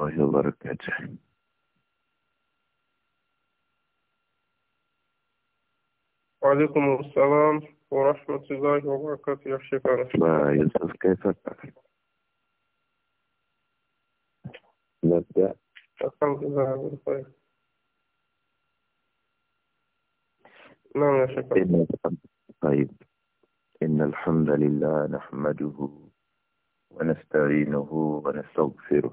الله وبركاته وعليكم السلام ورحمة الله وبركاته يا شيخ لا يوسف كيفك؟ نبدأ الحمد لله بخير نعم يا شيخ طيب إن الحمد لله نحمده ونستعينه ونستغفره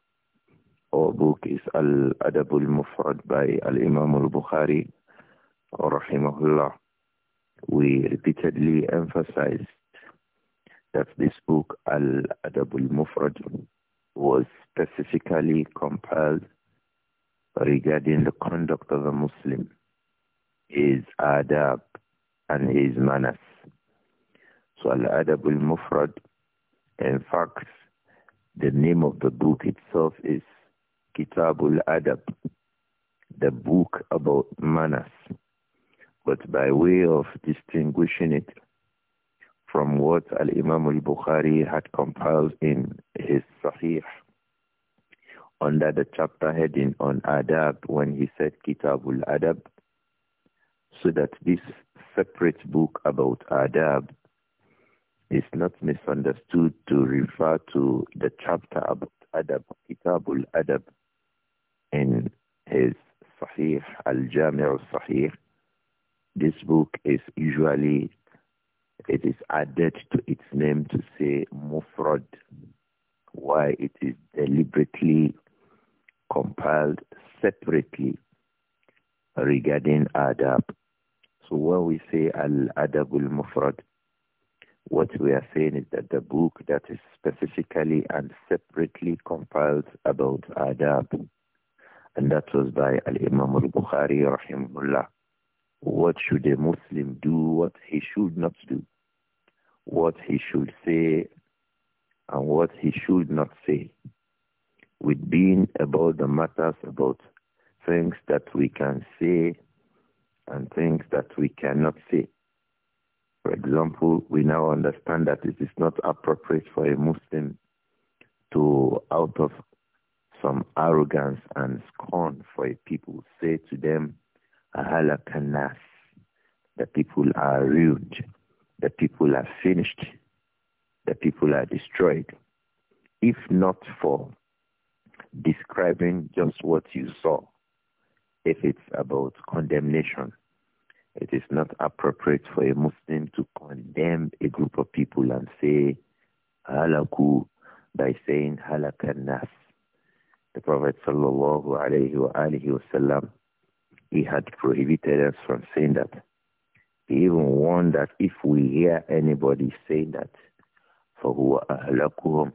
our book is al Adabul mufrad by Al-Imam al-Bukhari, rahimahullah. We repeatedly emphasized that this book, Al-Adab al-Mufrad, was specifically compiled regarding the conduct of a Muslim, his adab and his manners. So Al-Adab al-Mufrad, in fact, the name of the book itself is Kitabul Adab, the book about manners, but by way of distinguishing it from what Al-Imam al-Bukhari had compiled in his Sahih under the chapter heading on Adab when he said Kitabul Adab, so that this separate book about Adab is not misunderstood to refer to the chapter about Adab, Kitabul Adab, in his Sahih, Al-Jami' al-Sahih, this book is usually, it is added to its name to say Mufrad, why it is deliberately compiled separately regarding adab. So when we say al-adabul mufrad, what we are saying is that the book that is specifically and separately compiled about adab and that was by Al-Imam al-Bukhari rahimahullah. What should a Muslim do, what he should not do, what he should say and what he should not say, with being about the matters about things that we can say and things that we cannot say. For example, we now understand that it is not appropriate for a Muslim to, out of some arrogance and scorn for a people, say to them, Ahalakanas, the people are ruined, the people are finished, the people are destroyed. If not for describing just what you saw, if it's about condemnation, it is not appropriate for a Muslim to condemn a group of people and say, Halaku, by saying "halakanas." the Prophet sallallahu alayhi wa alihi wasallam, he had prohibited us from saying that. He even warned that if we hear anybody say that, فَهُوَ أَهْلَكُهُمْ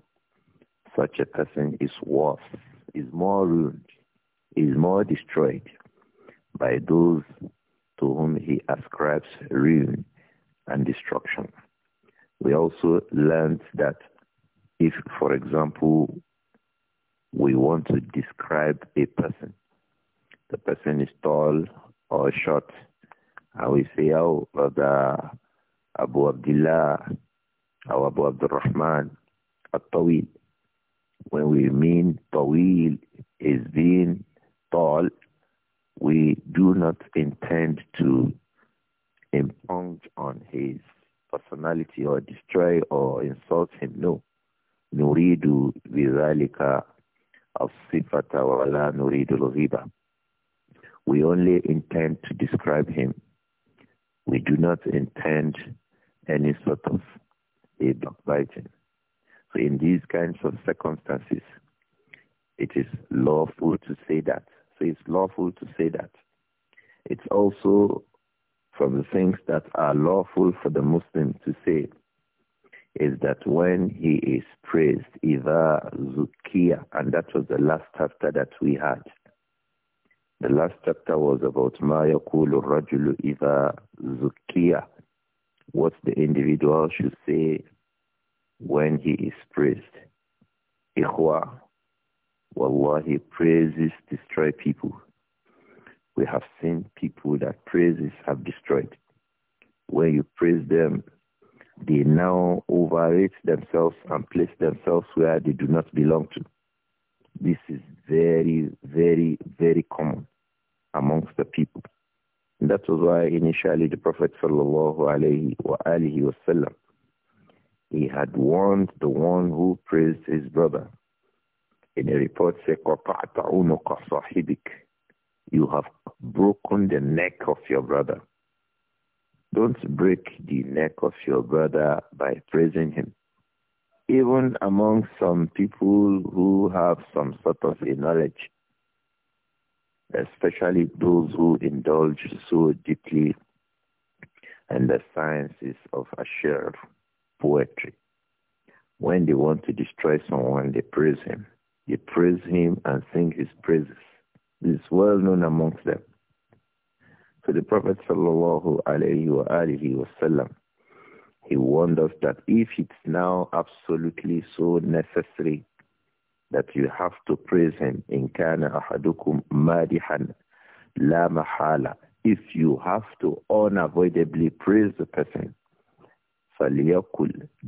Such a person is worse, is more ruined, is more destroyed by those to whom he ascribes ruin and destruction. We also learned that if, for example, we want to describe a person. The person is tall or short. And we say, oh, brother Abu Abdullah or Abu Abdurrahman, At-Tawil. When we mean Tawil is being tall, we do not intend to impugn on his personality or destroy or insult him. No. نريد بذلك الصفة ولا نريد الغيبة. We only intend to describe him. We do not intend any sort of a backbiting. So in these kinds of circumstances, it is lawful to say that. So it's lawful to say that. It's also from the things that are lawful for the Muslim to say is that when he is praised, Iva Zukia, and that was the last chapter that we had. The last chapter was about Ma Yakulu Rajulu Iva Zukia, what the individual should say when he is praised. Ikhwa, Wallahi, praises destroy people. We have seen people that praises have destroyed. When you praise them, they now overrate themselves and place themselves where they do not belong to. This is very, very, very common amongst the people. And that was why initially the Prophet sallallahu alaihi wasallam he had warned the one who praised his brother. In a report, say, you have broken the neck of your brother. Don't break the neck of your brother by praising him. Even among some people who have some sort of a knowledge, especially those who indulge so deeply in the sciences of assured poetry. When they want to destroy someone, they praise him. They praise him and sing his praises. It's well known amongst them. So the Prophet sallallahu alayhi wa alihi wasallam, he warned us that if it's now absolutely so necessary that you have to praise him in kana ahadukum madihan la mahala, if you have to unavoidably praise the person,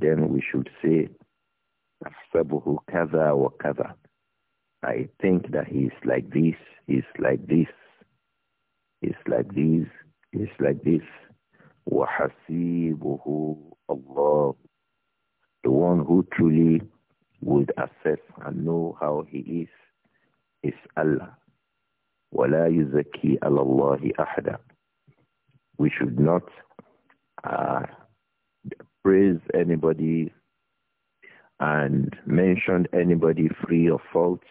Then we should say, أَحْسَبُهُ كَذَا وَكَذَا I think that he is like this, he is like this, it's like this, it's like this. وَحَسِيبُهُ Allah. The one who truly would assess and know how he is, is Allah. وَلَا يُزَكِّي عَلَى اللَّهِ أَحْدًا We should not uh, praise anybody and mention anybody free of faults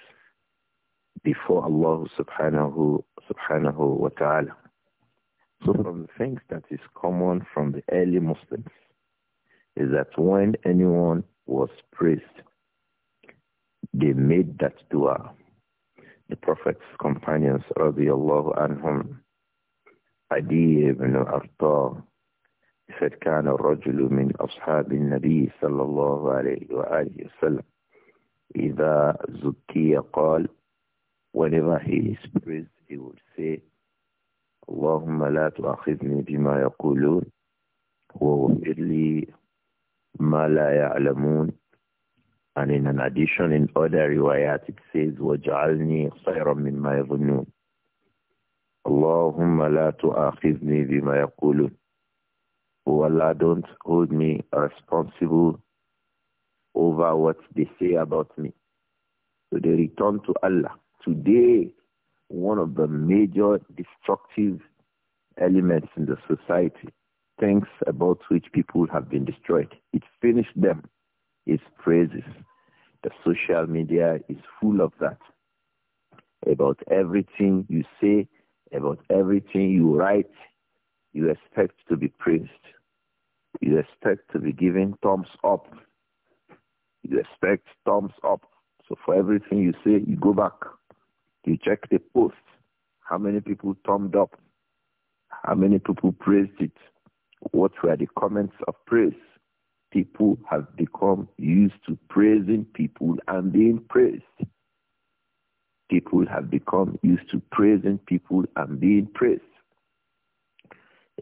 before Allah subhanahu, subhanahu wa ta'ala. So hmm. from the things that is common from the early Muslims is that when anyone was praised, they made that dua. The Prophet's companions, radiallahu anhum, Adi ibn Arta, said, كان الرجل من أصحاب النبي صلى الله عليه وآله وسلم إذا زكي قال whenever he is praised, he would say, اللهم لا تؤاخذني بما يقولون واغفر لي ما لا يعلمون and in an addition in other riwayat it says وجعلني خيرا مما يظنون اللهم لا تؤاخذني بما يقولون Oh Allah, don't hold me responsible over what they say about me. So they return to Allah. Today, one of the major destructive elements in the society, things about which people have been destroyed, it finished them, It's praises. The social media is full of that. About everything you say, about everything you write, you expect to be praised. You expect to be given thumbs up. You expect thumbs up. So for everything you say, you go back. You check the post. How many people thumbed up? How many people praised it? What were the comments of praise? People have become used to praising people and being praised. People have become used to praising people and being praised.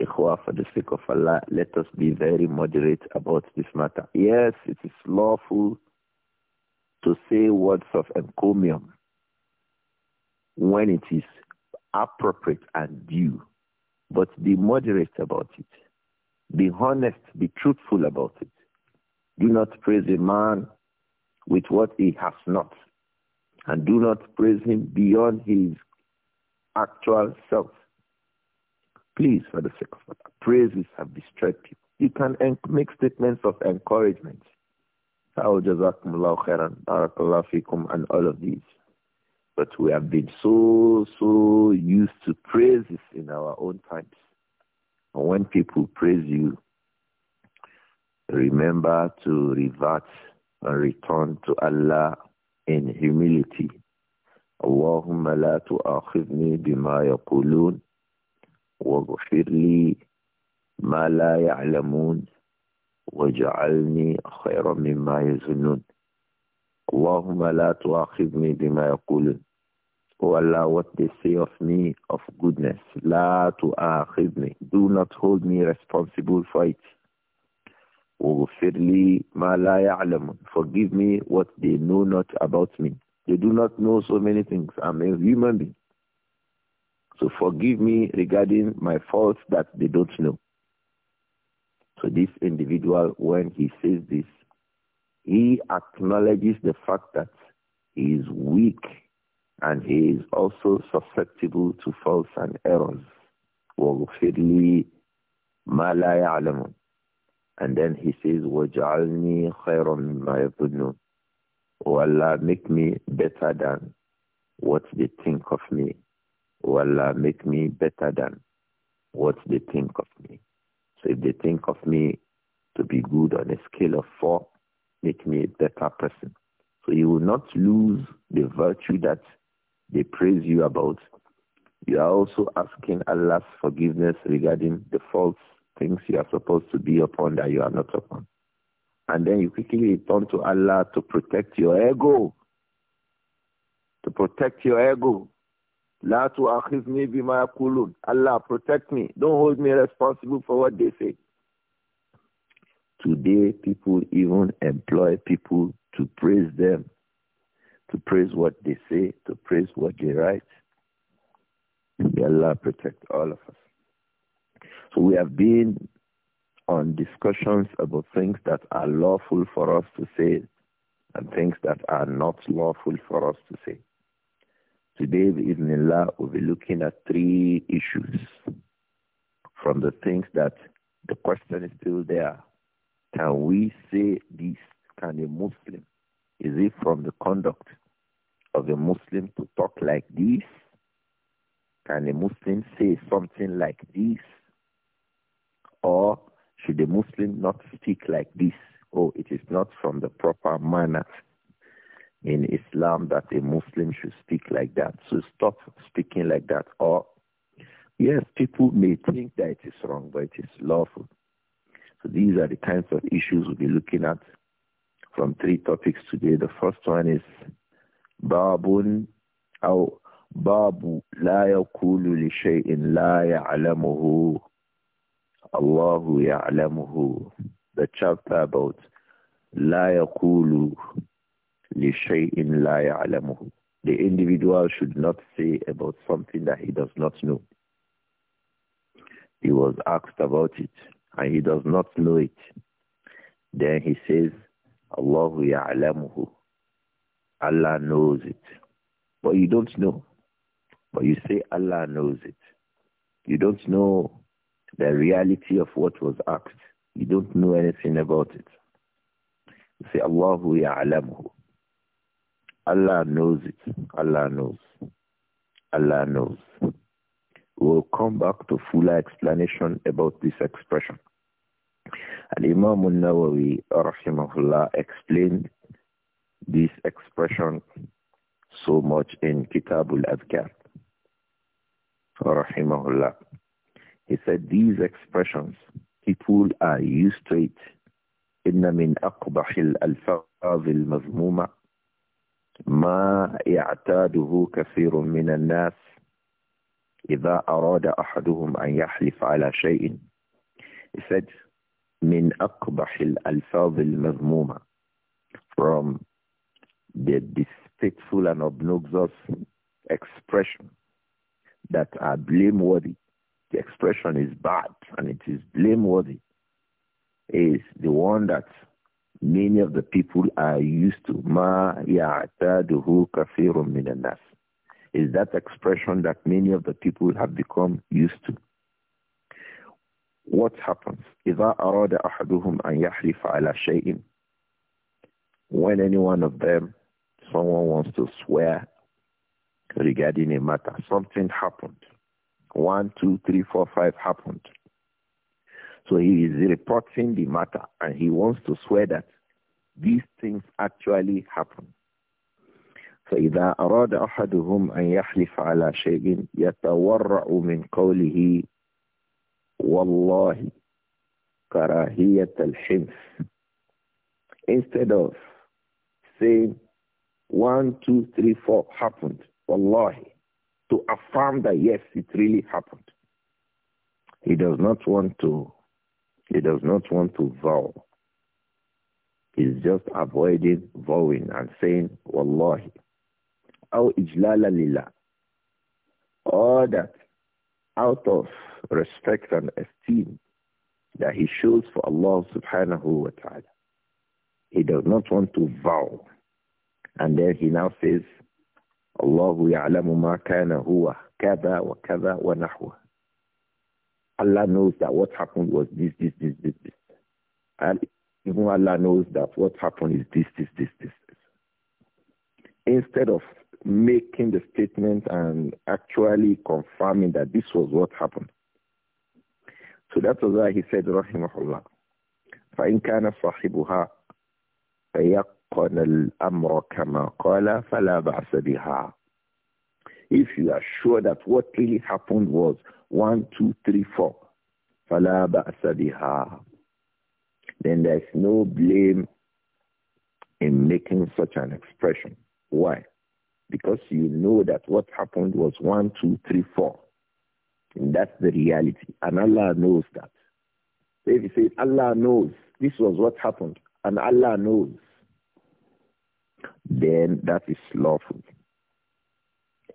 Ikhwa, for the sake of Allah, let us be very moderate about this matter. Yes, it is lawful to say words of encomium when it is appropriate and due. But be moderate about it. Be honest, be truthful about it. Do not praise a man with what he has not. And do not praise him beyond his actual self. Please, for the sake of God, praises have destroyed people. You can make statements of encouragement. How jazakumullahu khairan, barakallahu fikum, and all of these. But we have been so, so used to praises in our own times. And when people praise you, remember to revert and return to Allah in humility. اللهم لا تؤاخذني بما يقولون واغفر لي ما لا يعلمون واجعلني خيرا مما يظنون اللهم لا تؤاخذني بما يقولون O oh Allah, what they say of me of goodness, la tu'akhidni. Do not hold me responsible for it. Waghfirli ma la ya'lamun. Forgive me what they know not about me. They do not know so many things. I'm a human being. So forgive me regarding my faults that they don't know. So this individual, when he says this, he acknowledges the fact that he is weak and he is also susceptible to faults and errors. And then he says, وَجَعَلْنِي خَيْرًا مِمَّا O Allah, make me better than what they think of me. O Allah, make me better than what they think of me. So if they think of me to be good on a scale of four, make me a better person. So you will not lose the virtue that they praise you about, you are also asking Allah's forgiveness regarding the false things you are supposed to be upon that you are not upon. And then you quickly turn to Allah to protect your ego. To protect your ego. La bima yakulun. Allah, protect me. Don't hold me responsible for what they say. Today, people even employ people to praise them to praise what they say, to praise what they write. May Allah protect all of us. So we have been on discussions about things that are lawful for us to say and things that are not lawful for us to say. Today, Bismillah, we'll be looking at three issues from the things that the question is still there. Can we say this? Can a Muslim is it from the conduct of a Muslim to talk like this? Can a Muslim say something like this? Or should a Muslim not speak like this? Oh, it is not from the proper manner in Islam that a Muslim should speak like that. So stop speaking like that. Or, yes, people may think that it is wrong, but it is lawful. So these are the kinds of issues we'll be looking at from three topics today. The first one is Babun أو باب لا يقول لشيء لا يعلمه الله يعلمه The chapter about لا يقول لشيء لا يعلمه The individual should not say about something that he does not know. He was asked about it and he does not know it. Then he says, Allahu ya'lamuhu. Allah knows it. But you don't know. But you say Allah knows it. You don't know the reality of what was asked. You don't know anything about it. You say Allahu ya'lamuhu. Allah knows it. Allah knows. Allah knows. We'll come back to fuller explanation about this expression. Al-Imam al-Nawawi, rahimahullah, explained this expression so much in Kitabul al-Adhkar, rahimahullah. He said these expressions, people are used to it. إن من أقبح الألفاظ المذمومة ما يعتاده كثير من الناس إذا أراد أحدهم أن يحلف على شيء. He said, min akbahil al mazmuma from the distasteful and obnoxious expression that are blameworthy. The expression is bad and it is blameworthy. Is the one that many of the people are used to. Ma ya'taduhu kafirun minan Is that expression that many of the people have become used to what happens? إِذَا أَرَادَ aḥaduhum an يَحْلِفَ ala shayin? When any one of them, someone wants to swear regarding a matter, something happened. One, two, three, four, five happened. So he is reporting the matter and he wants to swear that these things actually happen. فإذا أراد أحدهم أن يحلف على شيء يتورع من قوله Wallahi, كراهية al Instead of saying one, two, three, four happened, Allah to affirm that yes, it really happened. He does not want to, he does not want to vow. He's just avoiding vowing and saying, wallahi. أو ijlala لله all that out of respect and esteem that he shows for Allah subhanahu wa ta'ala. He does not want to vow. And then he now says, Allahu ya'lamu ma kana huwa kada wa kada wa nahwa. Allah knows that what happened was this, this, this, this, this. And even Allah knows that what happened is this, this, this, this. this. Instead of making the statement and actually confirming that this was what happened, so that was why he said, Rahimahullah, فَإِنْ كَانَ صَاحِبُهَا الْأَمْرَ كَمَا قَالَ فَلَا بَعْسَ بِهَا If you are sure that what really happened was one, two, three, four, فَلَا بَعْسَ بِهَا Then there is no blame in making such an expression. Why? Because you know that what happened was one, two, three, four. And that's the reality. And Allah knows that. So if you say, Allah knows, this was what happened, and Allah knows, then that is lawful.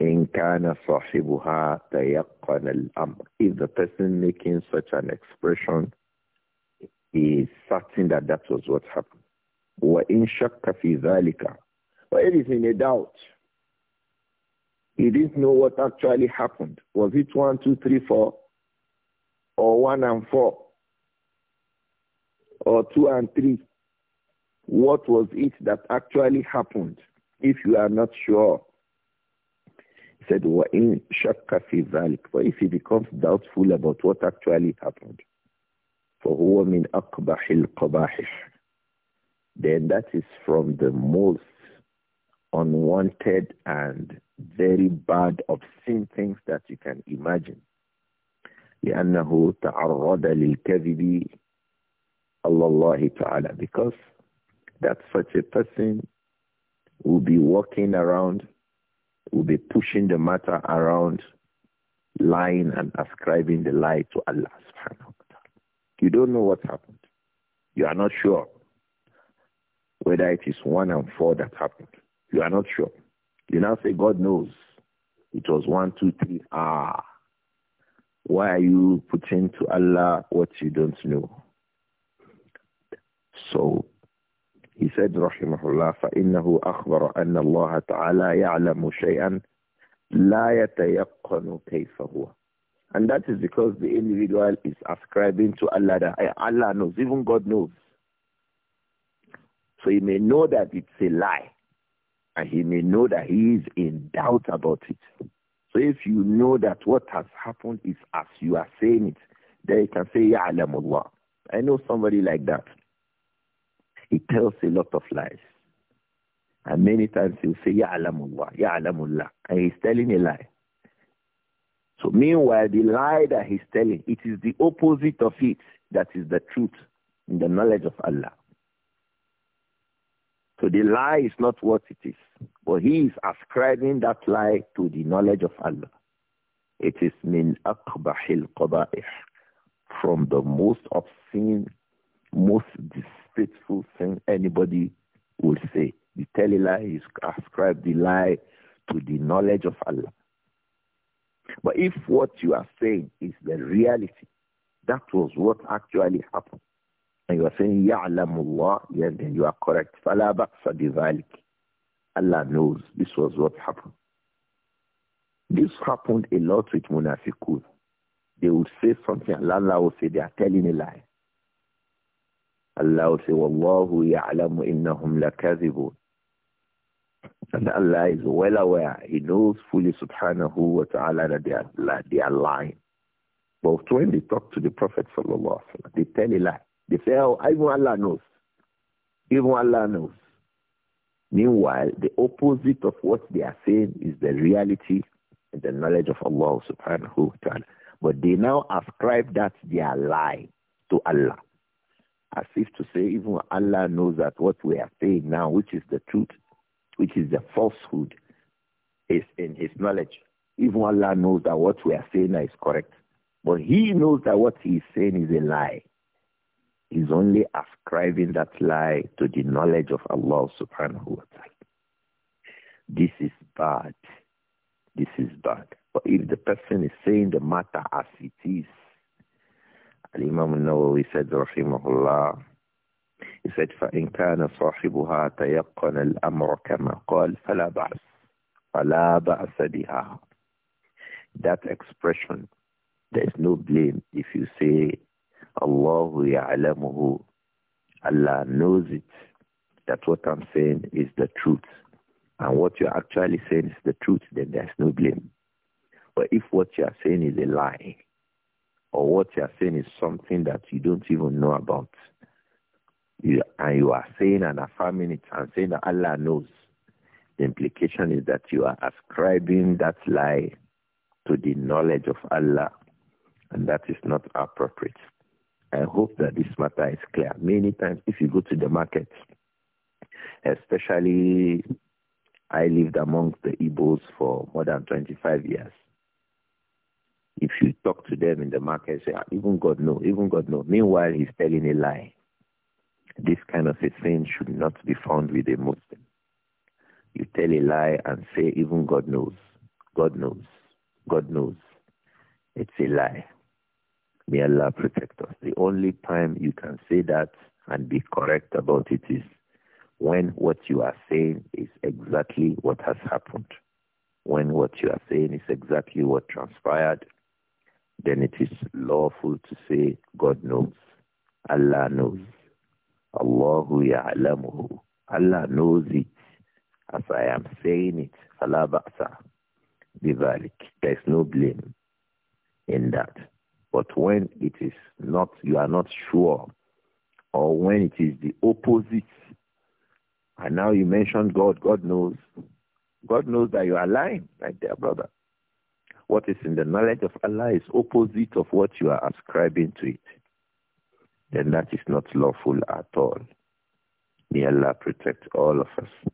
إن كان صاحبها تيقن الأمر. If the person making such an expression is certain that that was what happened. وإن شك في ذلك. But if he's in a doubt, he didn't know what actually happened. Was it one, two, three, four, or one and four, or two and three? What was it that actually happened? If you are not sure, he said, in شَكَّ فِي ذَلِكَ But if he becomes doubtful about what actually happened, فَهُوَ مِنْ أَقْبَحِ الْقَبَاحِحِ Then that is from the most unwanted and very bad, obscene things that you can imagine. لأنه تعرض للكذب الله تعالى because that such a person will be walking around, will be pushing the matter around, lying and ascribing the lie to Allah subhanahu wa ta'ala. You don't know what happened. You are not sure whether it is one and four that happened. You are not sure. You now say, God knows. It was one, two, three. Ah. Why are you putting to Allah what you don't know? So he said, "Rahimahullah, فإنه أخبر أن الله تعالى يعلم شيئا لا يتيقن كيف هو. And that is because the individual is ascribing to Allah that eh, Allah knows, even God knows. So He may know that it's a lie and he may know that he is in doubt about it. So if you know that what has happened is as you are saying it, then you can say, Ya I know somebody like that. He tells a lot of lies. And many times he'll say, Ya Alamullah, Ya Alamullah. And he's telling a lie. So meanwhile, the lie that he's telling, it is the opposite of it that is the truth in the knowledge of Allah. So the lie is not what it is. But he is ascribing that lie to the knowledge of Allah. It is min akbahil qaba'ih, from the most obscene, most disgraceful thing anybody will say. The telling lie is ascribe the lie to the knowledge of Allah. But if what you are saying is the reality, that was what actually happened. And you are saying, Ya'lamullah, yes, then you are correct. فَلَا بَأْسَ بِذَلِكِ Allah knows. This was what happened. This happened a lot with Munafiqun. They would say something and Allah would say they are telling a lie. Allah would say, وَاللَّهُ يَعْلَمُ إِنَّهُمْ لَكَذِبُونَ And Allah is well aware. He knows fully subhanahu wa ta'ala that they are, they are lying. But when they talk to the Prophet sallallahu alaihi wasallam, they tell a lie. They say, oh, even Allah knows. Even Allah knows. Meanwhile, the opposite of what they are saying is the reality and the knowledge of Allah subhanahu wa ta'ala. But they now ascribe that their lie to Allah. As if to say, even Allah knows that what we are saying now, which is the truth, which is the falsehood, is in his knowledge. Even Allah knows that what we are saying now is correct. But he knows that what he is saying is a lie is only ascribing that lie to the knowledge of Allah subhanahu wa ta'ala. This is bad. This is bad. But if the person is saying the matter as it is, Al-Imam al-Nawawi said, rahimahullah, he said, فَإِنْ كَانَ صَاحِبُهَا تَيَقَّنَ الْأَمْرَ كَمَا قَالَ فَلَا بَعْثَ فَلَا بَعْثَ بِهَا That expression, there is no blame if you say Allahu ya'lamuhu. Allah knows it. That what I'm saying is the truth. And what you're actually saying is the truth, then there's no blame. But if what you are saying is a lie, or what you are saying is something that you don't even know about, you, and you are saying and affirming it and saying that Allah knows, the implication is that you are ascribing that lie to the knowledge of Allah, and that is not appropriate. I hope that this matter is clear. Many times if you go to the market, especially I lived amongst the Igbos for more than 25 years. If you talk to them in the market, say, ah, even God knows." even God knows. Meanwhile, he's telling a lie. This kind of a thing should not be found with a Muslim. You tell a lie and say, even God knows. God knows. God knows. It's a lie. May Allah protect us. The only time you can say that and be correct about it is when what you are saying is exactly what has happened. When what you are saying is exactly what transpired, then it is lawful to say, God knows. Allah knows. Allahu ya'lamuhu. Allah knows it. As I am saying it, Allah ba'sa. There is no blame in that. But when it is not, you are not sure, or when it is the opposite, and now you mentioned God, God knows. God knows that you are lying, my dear brother. What is in the knowledge of Allah is opposite of what you are ascribing to it. Then that is not lawful at all. May Allah protect all of us.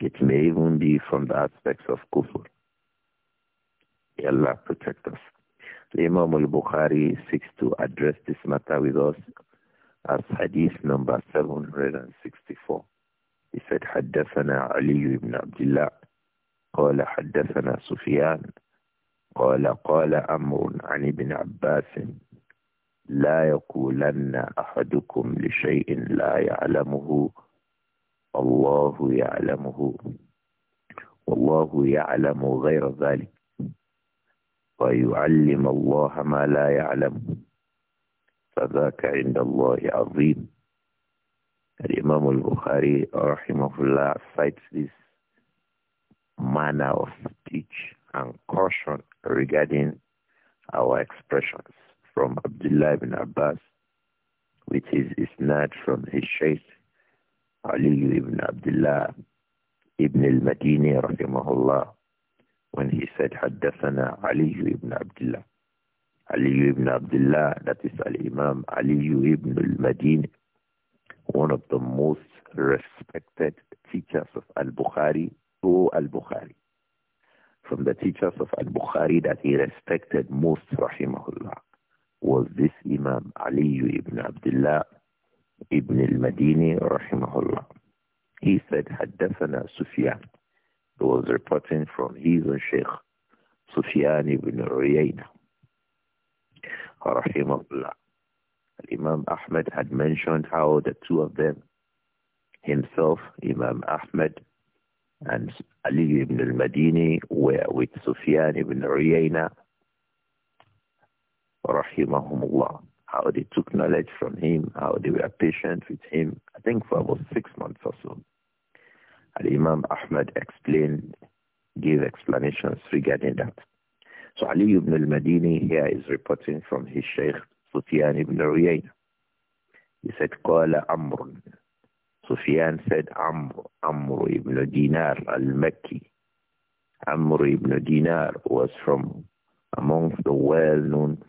It may even be from the aspects of kufr. May Allah protect us. So Imam al-Bukhari seeks to address this matter with us as hadith number 764. He said, حدثنا علي بن عبد الله قال حدثنا سفيان قال قال أمر عن ابن عباس لا يقولن أحدكم لشيء لا يعلمه الله يعلمه والله يعلم غير ذلك ويعلم الله ما لا يعلم فذاك عند الله عظيم الإمام البخاري رحمه الله cites this manner of speech and caution regarding our expressions from Abdullah ibn Abbas with his isnad from his sheikh Ali ibn Abdullah ibn al-Madini rahimahullah when he said حدثنا Ali ibn Abdullah. Ali ibn Abdullah, that is Al-Imam Ali ibn al-Madini, one of the most respected teachers of Al-Bukhari, to Al-Bukhari. From the teachers of Al-Bukhari that he respected most, rahimahullah, was this Imam Ali ibn Abdullah ibn al-Madini, rahimahullah. He said, حدثنا Sufyan." It was reporting from his own Sheikh Sufyan ibn Uyayna. Rahimahullah. Imam Ahmed had mentioned how the two of them, himself, Imam Ahmed, and Ali ibn al-Madini were with Sufyan ibn Uyayna, rahimahumullah, how they took knowledge from him, how they were patient with him, I think for about six months or so. Al-Imam Ahmad explained, gave explanations regarding that. So Ali ibn al-Madini here is reporting from his Shaykh Sufyan ibn Uyayna. He said, Qala Amr. Sufyan said, Amr, Amr ibn Dinar al-Makki. Amr ibn Dinar was from amongst the well-known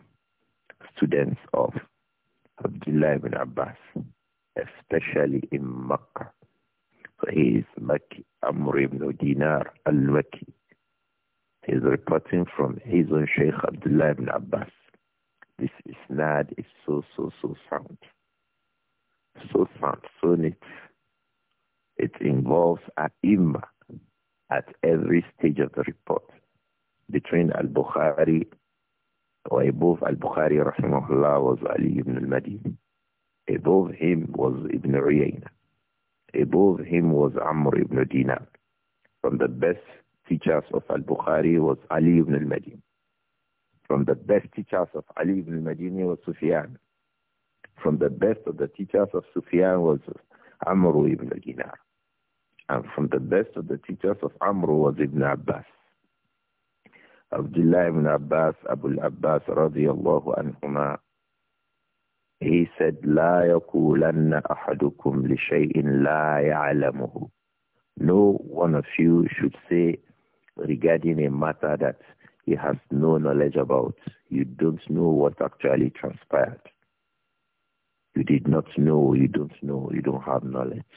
students of Abdullah ibn Abbas, especially in Makkah. So he is Maki, Amr ibn Dinar al-Maki. He's reporting from his own Sheikh Abdullah ibn Abbas. This isnad is so, so, so sound. So sound, so neat. It involves a imma at every stage of the report between al-Bukhari or above al-Bukhari rahimahullah was Ali ibn al-Madini. Above him was Ibn Uyayna. Above him was Amr ibn Dinar. From the best teachers of Al-Bukhari was Ali ibn al-Madini. From the best teachers of Ali ibn al-Madini was Sufyan. From the best of the teachers of Sufyan was Amr ibn Dinar. And from the best of the teachers of Amr was Ibn Abbas. Abdullah ibn Abbas, Abu al-Abbas radiyallahu anhumah, he said, لا يقولن أحدكم لشيء لا يعلمه. No one of you should say regarding a matter that he has no knowledge about. You don't know what actually transpired. You did not know, you don't know, you don't have knowledge.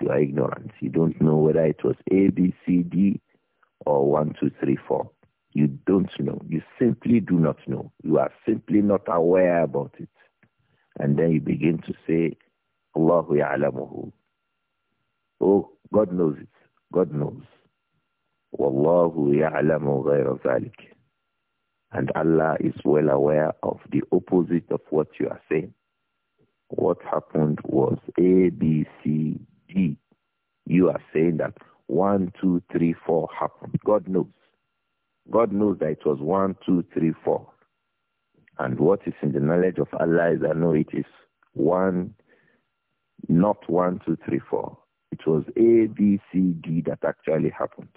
You are ignorant. You don't know whether it was A, B, C, D, or 1, 2, 3, 4. You don't know. You simply do not know. You are simply not aware about it. And then you begin to say, Allahu ya'lamuhu. Oh, God knows it. God knows. Wallahu ya'lamu ghayra zalik. And Allah is well aware of the opposite of what you are saying. What happened was A, B, C, D. You are saying that one, two, three, four happened. God knows. God knows that it was one, two, three, four. And what is in the knowledge of Allah is I know it is one, not one, two, three, four. It was A, B, C, D that actually happened.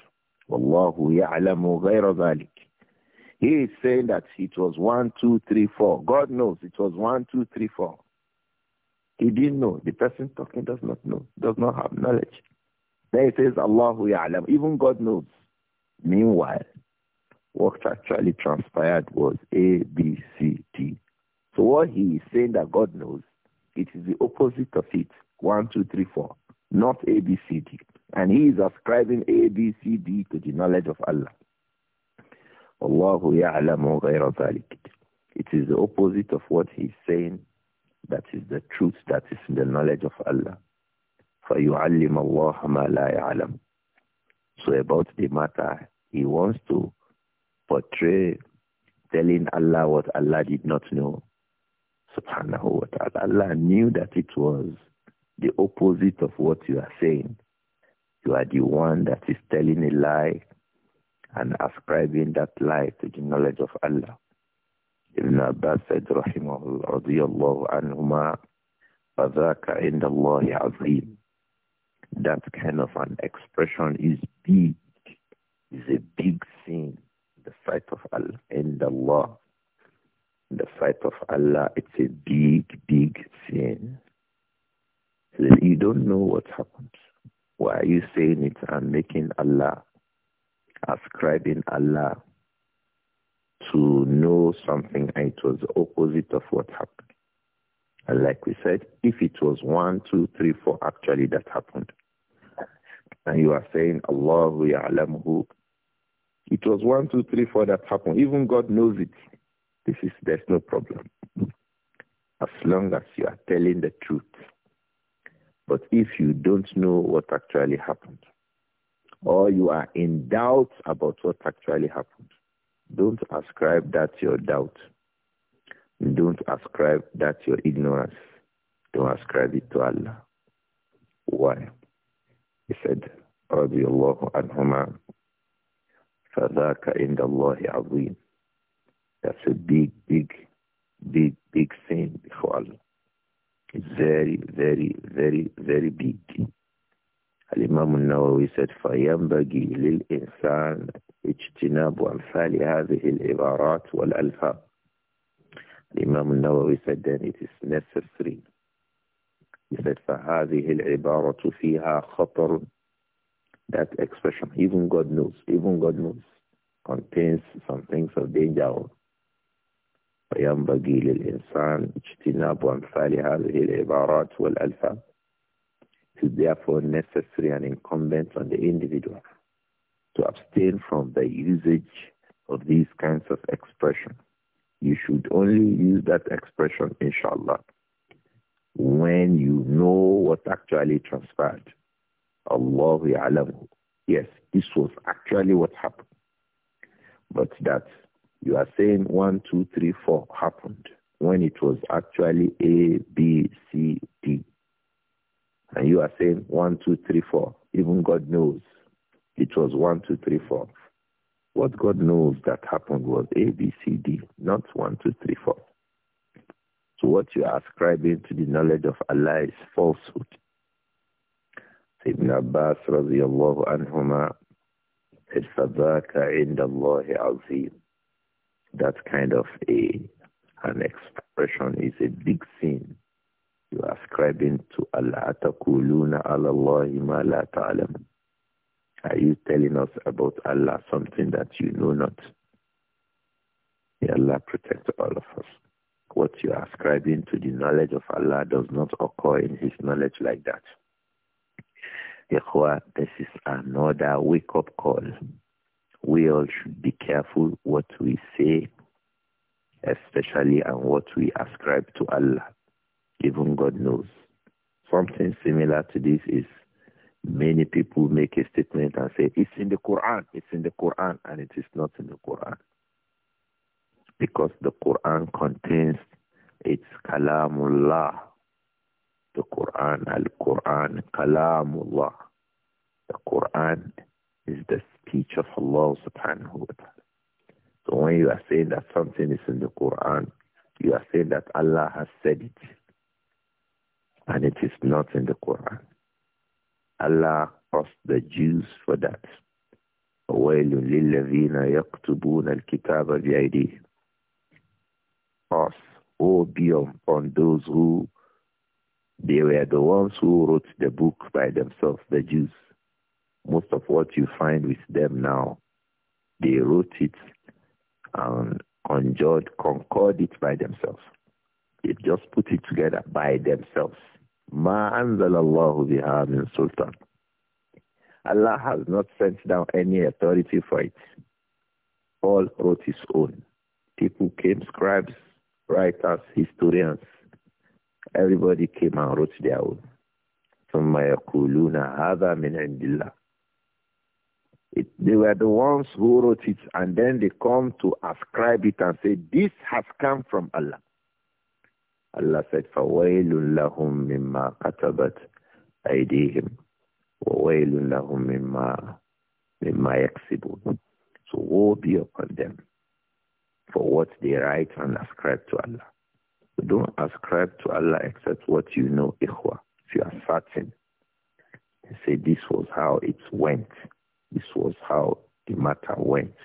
Wallahu ya'lamu ghayra dhalik. He is saying that it was one, two, three, four. God knows it was one, two, three, four. He didn't know. The person talking does not know, does not have knowledge. Then he says, Allahu ya'lam. Even God knows. Meanwhile, what actually transpired was A, B, C, D. So what he is saying that God knows, it is the opposite of it. One, two, three, four. Not A, B, C, D. And he is ascribing A, B, C, D to the knowledge of Allah. Allahu ya'lamu ghayra It is the opposite of what he is saying. That is the truth that is in the knowledge of Allah. فَيُعَلِّمَ اللَّهَ مَا لَا يَعْلَمُ So about the matter, he wants to portray telling Allah what Allah did not know. Subhanahu wa ta'ala. Allah knew that it was the opposite of what you are saying. You are the one that is telling a lie and ascribing that lie to the knowledge of Allah. Ibn Abbas said, "Rahimahullah, الله عنهما فذاك That kind of an expression is big, is a big thing the sight of Allah, in the law, the sight of Allah, it's a big, big sin. You don't know what happened. Why are you saying it and making Allah, ascribing Allah to know something and it was the opposite of what happened? And like we said, if it was one, two, three, four, actually that happened. And you are saying, Allahu ya'lamuhu it was one, two, three, four that happened. Even God knows it. This is, there's no problem. As long as you are telling the truth. But if you don't know what actually happened, or you are in doubt about what actually happened, don't ascribe that your doubt. Don't ascribe that your ignorance. Don't ascribe it to Allah. Why? He said, رضي الله عنهما فذاك عند الله عظيم. That's a big, big, big, big thing بخوال It's very, very, very, very big. الإمام النووي said فينبغي للإنسان اجتناب أمثال هذه العبارات والألفاظ. الإمام النووي said then it is necessary. He said فهذه العبارة فيها خطر that expression, even God knows, even God knows, contains some things of danger. فينبغي للإنسان اجتناب أمثال هذه العبارات والألفاظ. It is therefore necessary and incumbent on the individual to abstain from the usage of these kinds of expression. You should only use that expression, inshallah, when you know what actually transpired Allah alam. Yes, this was actually what happened. But that you are saying one, two, three, four happened when it was actually A, B, C, D. And you are saying one, two, three, four. Even God knows it was one, two, three, four. What God knows that happened was A, B, C, D, not one, two, three, four. So what you are ascribing to the knowledge of Allah is falsehood. Ibn Abbas radiallahu anhuma said, فَذَاكَ عِنْدَ اللَّهِ عَظِيمٌ That kind of a an expression is a big sin. You are ascribing to Allah تَقُولُونَ عَلَى Are you telling us about Allah something that you know not? May Allah protect all of us. What you are ascribing to the knowledge of Allah does not occur in his knowledge like that. Ikhwa, this is another wake-up call. We all should be careful what we say, especially and what we ascribe to Allah. Even God knows. Something similar to this is many people make a statement and say, it's in the Quran, it's in the Quran, and it is not in the Quran. Because the Quran contains its kalamullah, the Quran. Al-Quran, Kalamullah. The Quran is the speech of Allah subhanahu wa ta'ala. So when you are saying that something is in the Quran, you are saying that Allah has said it. And it is not in the Quran. Allah asked the Jews for that. وَيْلٌ لِلَّذِينَ يَكْتُبُونَ الْكِتَابَ بِأَيْدِيهِمْ Us, O be upon those who they were the ones who wrote the book by themselves, the Jews. Most of what you find with them now, they wrote it and conjured, concord it by themselves. They just put it together by themselves. Ma anzalallahu biha min sultan. Allah has not sent down any authority for it. Paul wrote his own. People came scribes, writers, historians. Everybody came and wrote their own. ثم يقولون هذا من عند الله they were the ones who wrote it, and then they come to ascribe it and say, this has come from Allah. Allah said, فَوَيْلٌ لَهُمْ مِمَّا كَتَبَتْ أَيْدِيهِمْ وَوَيْلٌ لَهُمْ مِمَّا, مما يَكْسِبُونَ So woe be upon them for what they write and ascribe to Allah. So don't ascribe to Allah except what you know, ikhwa, if you are certain. say this was how it went. This was how the matter went.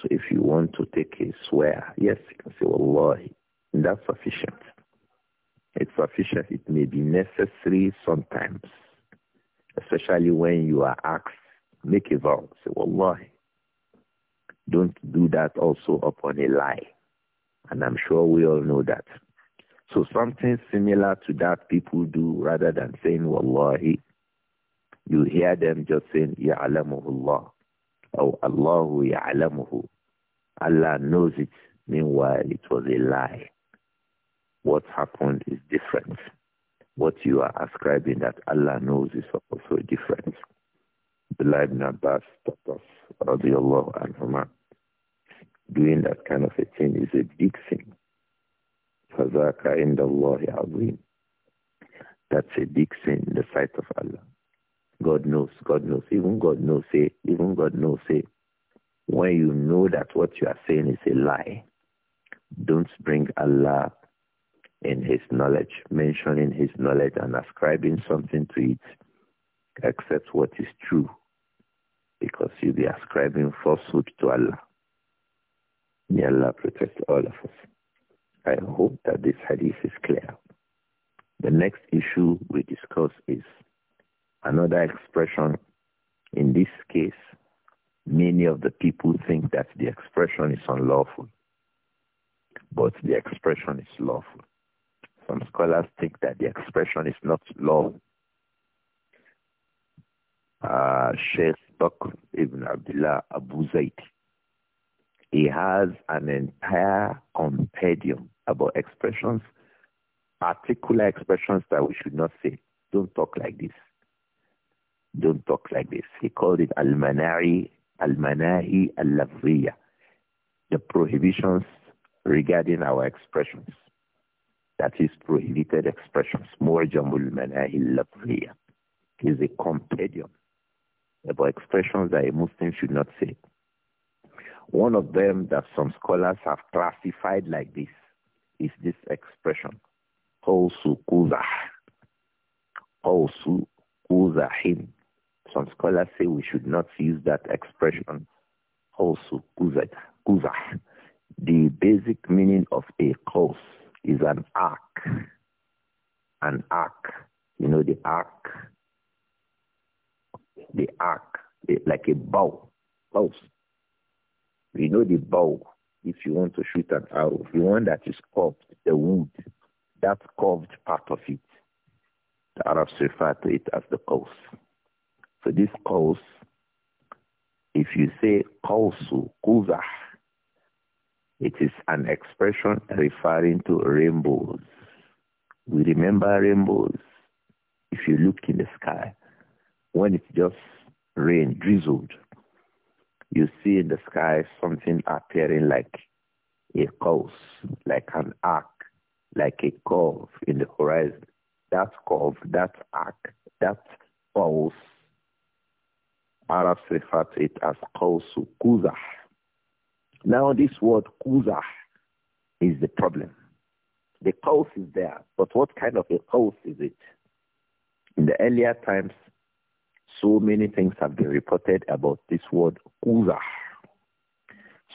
So if you want to take a swear, yes, you can say, Wallahi. And that's sufficient. It's sufficient. It may be necessary sometimes, especially when you are asked, make a vow. Say, Wallahi. Don't do that also upon a lie. And I'm sure we all know that. So something similar to that people do rather than saying Wallahi, you hear them just saying Ya'lamuhu Allah or Allahu Allah knows it. Meanwhile, it was a lie. What happened is different. What you are ascribing that Allah knows is also different. Bilal ibn Abbas taught us, radiallahu anhumah, doing that kind of a thing is a big thing. فَذَاكَ عِنْدَ اللَّهِ عَظِيمٌ That's a big sin in the sight of Allah. God knows, God knows, even God knows, say, even God knows, say, when you know that what you are saying is a lie, don't bring Allah in his knowledge, mentioning his knowledge and ascribing something to it except what is true because you'll be ascribing falsehood to Allah. May Allah protect all of us. I hope that this hadith is clear. The next issue we discuss is another expression. In this case, many of the people think that the expression is unlawful, but the expression is lawful. Some scholars think that the expression is not lawful. Uh, Sheikh Bakr ibn Abdullah Abu Zaidi. He has an entire compendium about expressions, particular expressions that we should not say. Don't talk like this. Don't talk like this. He called it al-manari, al-manahi al-lafriya, the prohibitions regarding our expressions. That is prohibited expressions. jamul manahi al-lafriya is a compendium about expressions that a Muslim should not say. One of them that some scholars have classified like this is this expression, Qawsu Quzah. Qawsu Quzahin. Some scholars say we should not use that expression, Qawsu Kuzah. The basic meaning of a qaws is an arc. An arc. You know the arc? The arc, like a bow. Qaws we know the bow. If you want to shoot an arrow, the one that is curved, the wood, that curved part of it, the Arabs refer to it as the course. So this course, if you say qawsu, kuzah," it is an expression referring to rainbows. We remember rainbows. If you look in the sky, when it just rain drizzled, you see in the sky something appearing like a course, like an arc, like a curve in the horizon. That curve, that arc, that pulse, Arabs refer to it as qawsu kuzah. Now this word kuzah is the problem. The cause is there, but what kind of a cause is it? In the earlier times, so many things have been reported about this word Kuzah.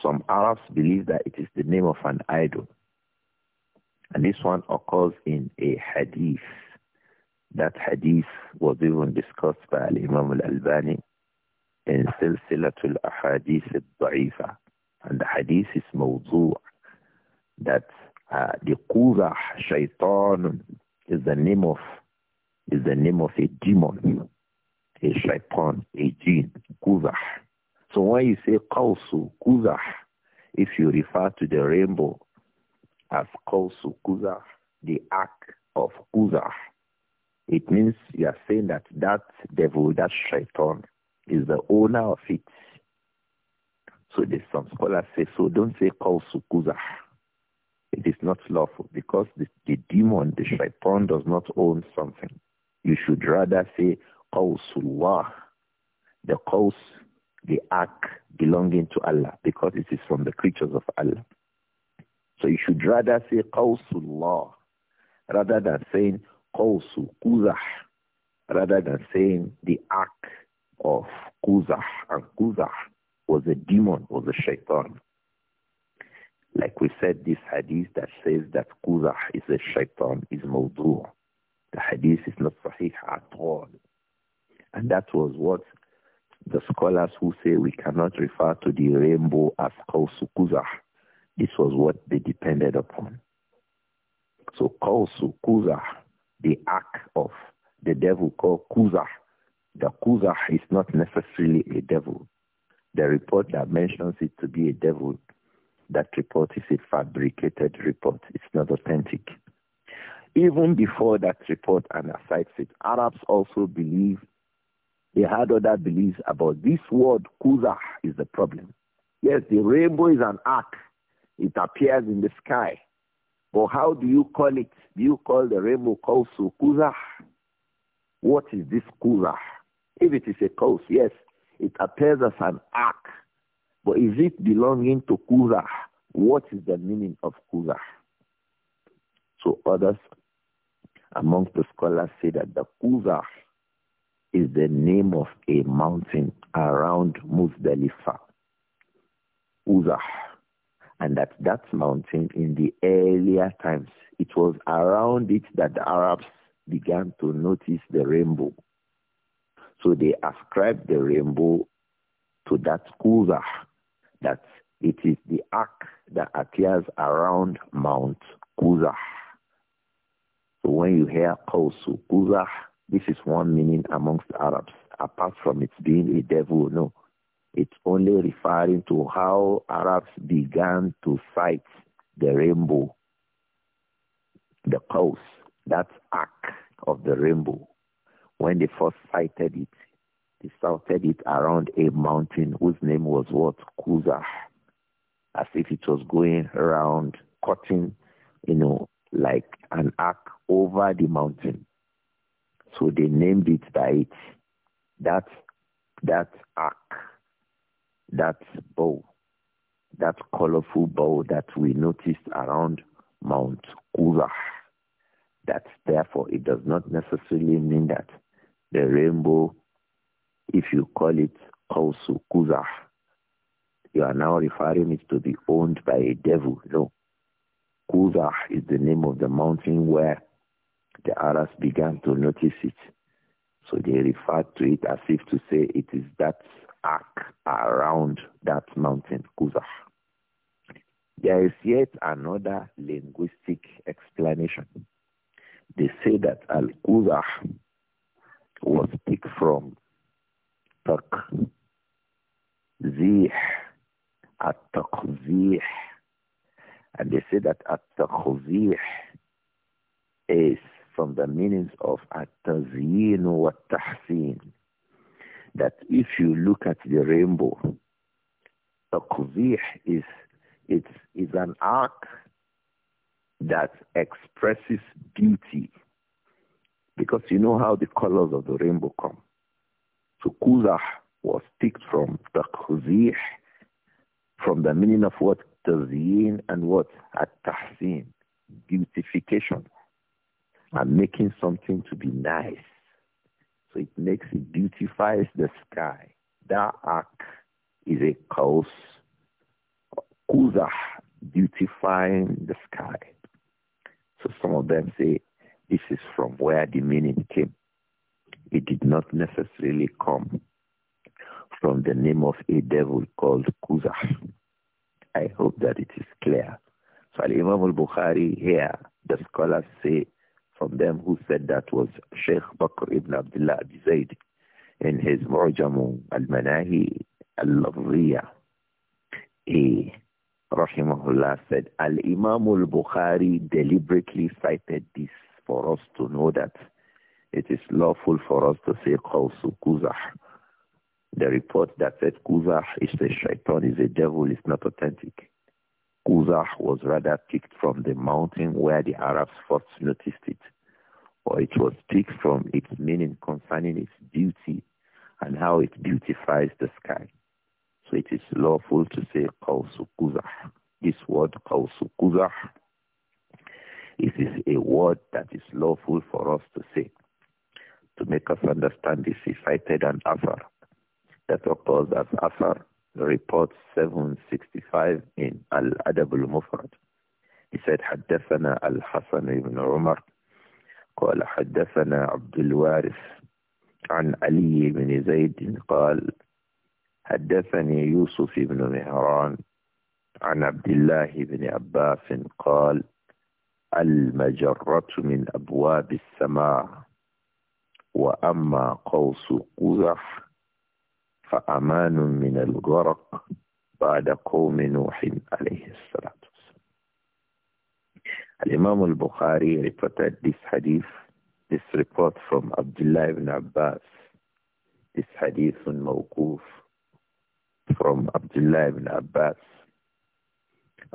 Some Arabs believe that it is the name of an idol. And this one occurs in a hadith. That hadith was even discussed by Imam al-Albani in Silsilatul Ahadith al-Da'ifa. And the hadith is mawdu' that uh, the Quzah Shaitan is the name of is the name of a demon a shaitan, a jinn, kuzah. So when you say kawsu kuzah, if you refer to the rainbow as kawsu kuzah, the ark of kuzah, it means you are saying that that devil, that shaitan, is the owner of it. So there's some scholars say, so don't say kawsu kuzah. It is not lawful because the, the demon, the shaitan, does not own something. You should rather say Qawsullah, the Qaws, the ark belonging to Allah because it is from the creatures of Allah. So you should rather say Qawsullah rather than saying Qawsu Quzah rather than saying the ark of Quzah. And Quzah was a demon, was a shaitan. Like we said, this hadith that says that Quzah is a shaitan is mawdu'. The hadith is not sahih at all. And that was what the scholars who say we cannot refer to the rainbow as Kausukuzah. This was what they depended upon. So Kausukuzah, the act of the devil called Kuzah. The Kuzah is not necessarily a devil. The report that mentions it to be a devil, that report is a fabricated report. It's not authentic. Even before that report and aside it, Arabs also believe they had other beliefs about this word kuzah is the problem. Yes, the rainbow is an arc. It appears in the sky. But how do you call it? Do you call the rainbow kawsu kuzah? What is this kuzah? If it is a kaws, yes, it appears as an arc. But is it belonging to kuzah? What is the meaning of kuzah? So others amongst the scholars say that the kuzah is the name of a mountain around Muzdalifah, Uzah. And at that mountain, in the earlier times, it was around it that the Arabs began to notice the rainbow. So they ascribed the rainbow to that Uzah, that it is the ark that appears around Mount Uzah. So when you hear Qawsu Uzah, this is one meaning amongst Arabs, apart from it being a devil, no. It's only referring to how Arabs began to sight the rainbow, the coast, that arc of the rainbow. When they first sighted it, they sighted it around a mountain whose name was what? Kuzah. As if it was going around, cutting, you know, like an arc over the mountain. So they named it by it. That, that arc, that bow, that colorful bow that we noticed around Mount Kuzah. That therefore it does not necessarily mean that the rainbow, if you call it also Kuzah, you are now referring it to be owned by a devil. No. Kuzah is the name of the mountain where the Arabs began to notice it. So they referred to it as if to say it is that arc around that mountain, Kuzah. There is yet another linguistic explanation. They say that Al-Kuzah was picked from Tak, Zih, At-Takzih. And they say that At-Takzih is from the meanings of at-tazyin wa tahsin that if you look at the rainbow, taqzih is it's is an arc that expresses beauty because you know how the colors of the rainbow come. So kuzah was picked from taqzih from the meaning of what tazyin and what at-tahsin beautification and making something to be nice. So it makes it beautifies the sky. That ark is a cause kuzah, beautifying the sky. So some of them say this is from where the meaning came. It did not necessarily come from the name of a devil called Kuzah. I hope that it is clear. So Al-Imam al-Bukhari here, the scholars say, from them who said that was Sheikh Bakr ibn Abdullah Abizaid in his Mu'jamu al-Manahi al-Lafziya. He, rahimahullah, said, Al-Imam al-Bukhari deliberately cited this for us to know that it is lawful for us to say Qawsu Kuzah. The report that said Kuzah is a shaitan, is a devil, is not authentic. Uzah was rather picked from the mountain where the Arabs first noticed it, or it was picked from its meaning concerning its beauty and how it beautifies the sky. So it is lawful to say "qawsukuzah." This word "qawsukuzah" is it is a word that is lawful for us to say. To make us understand this, he cited an afar that occurs as afar report 765 in Al-Adab al-Mufrad. He said, حدثنا الحسن بن عمر قال حدثنا عبد الوارث عن علي بن زيد قال حدثني يوسف بن مهران عن عبد الله بن عباس قال المجرة من أبواب السماء وأما قوس قزح فأمان من الغرق بعد قوم نوح عليه الصلاة والسلام الإمام البخاري reported this hadith this report from Abdullah ibn Abbas this hadith موقوف from Abdullah ibn Abbas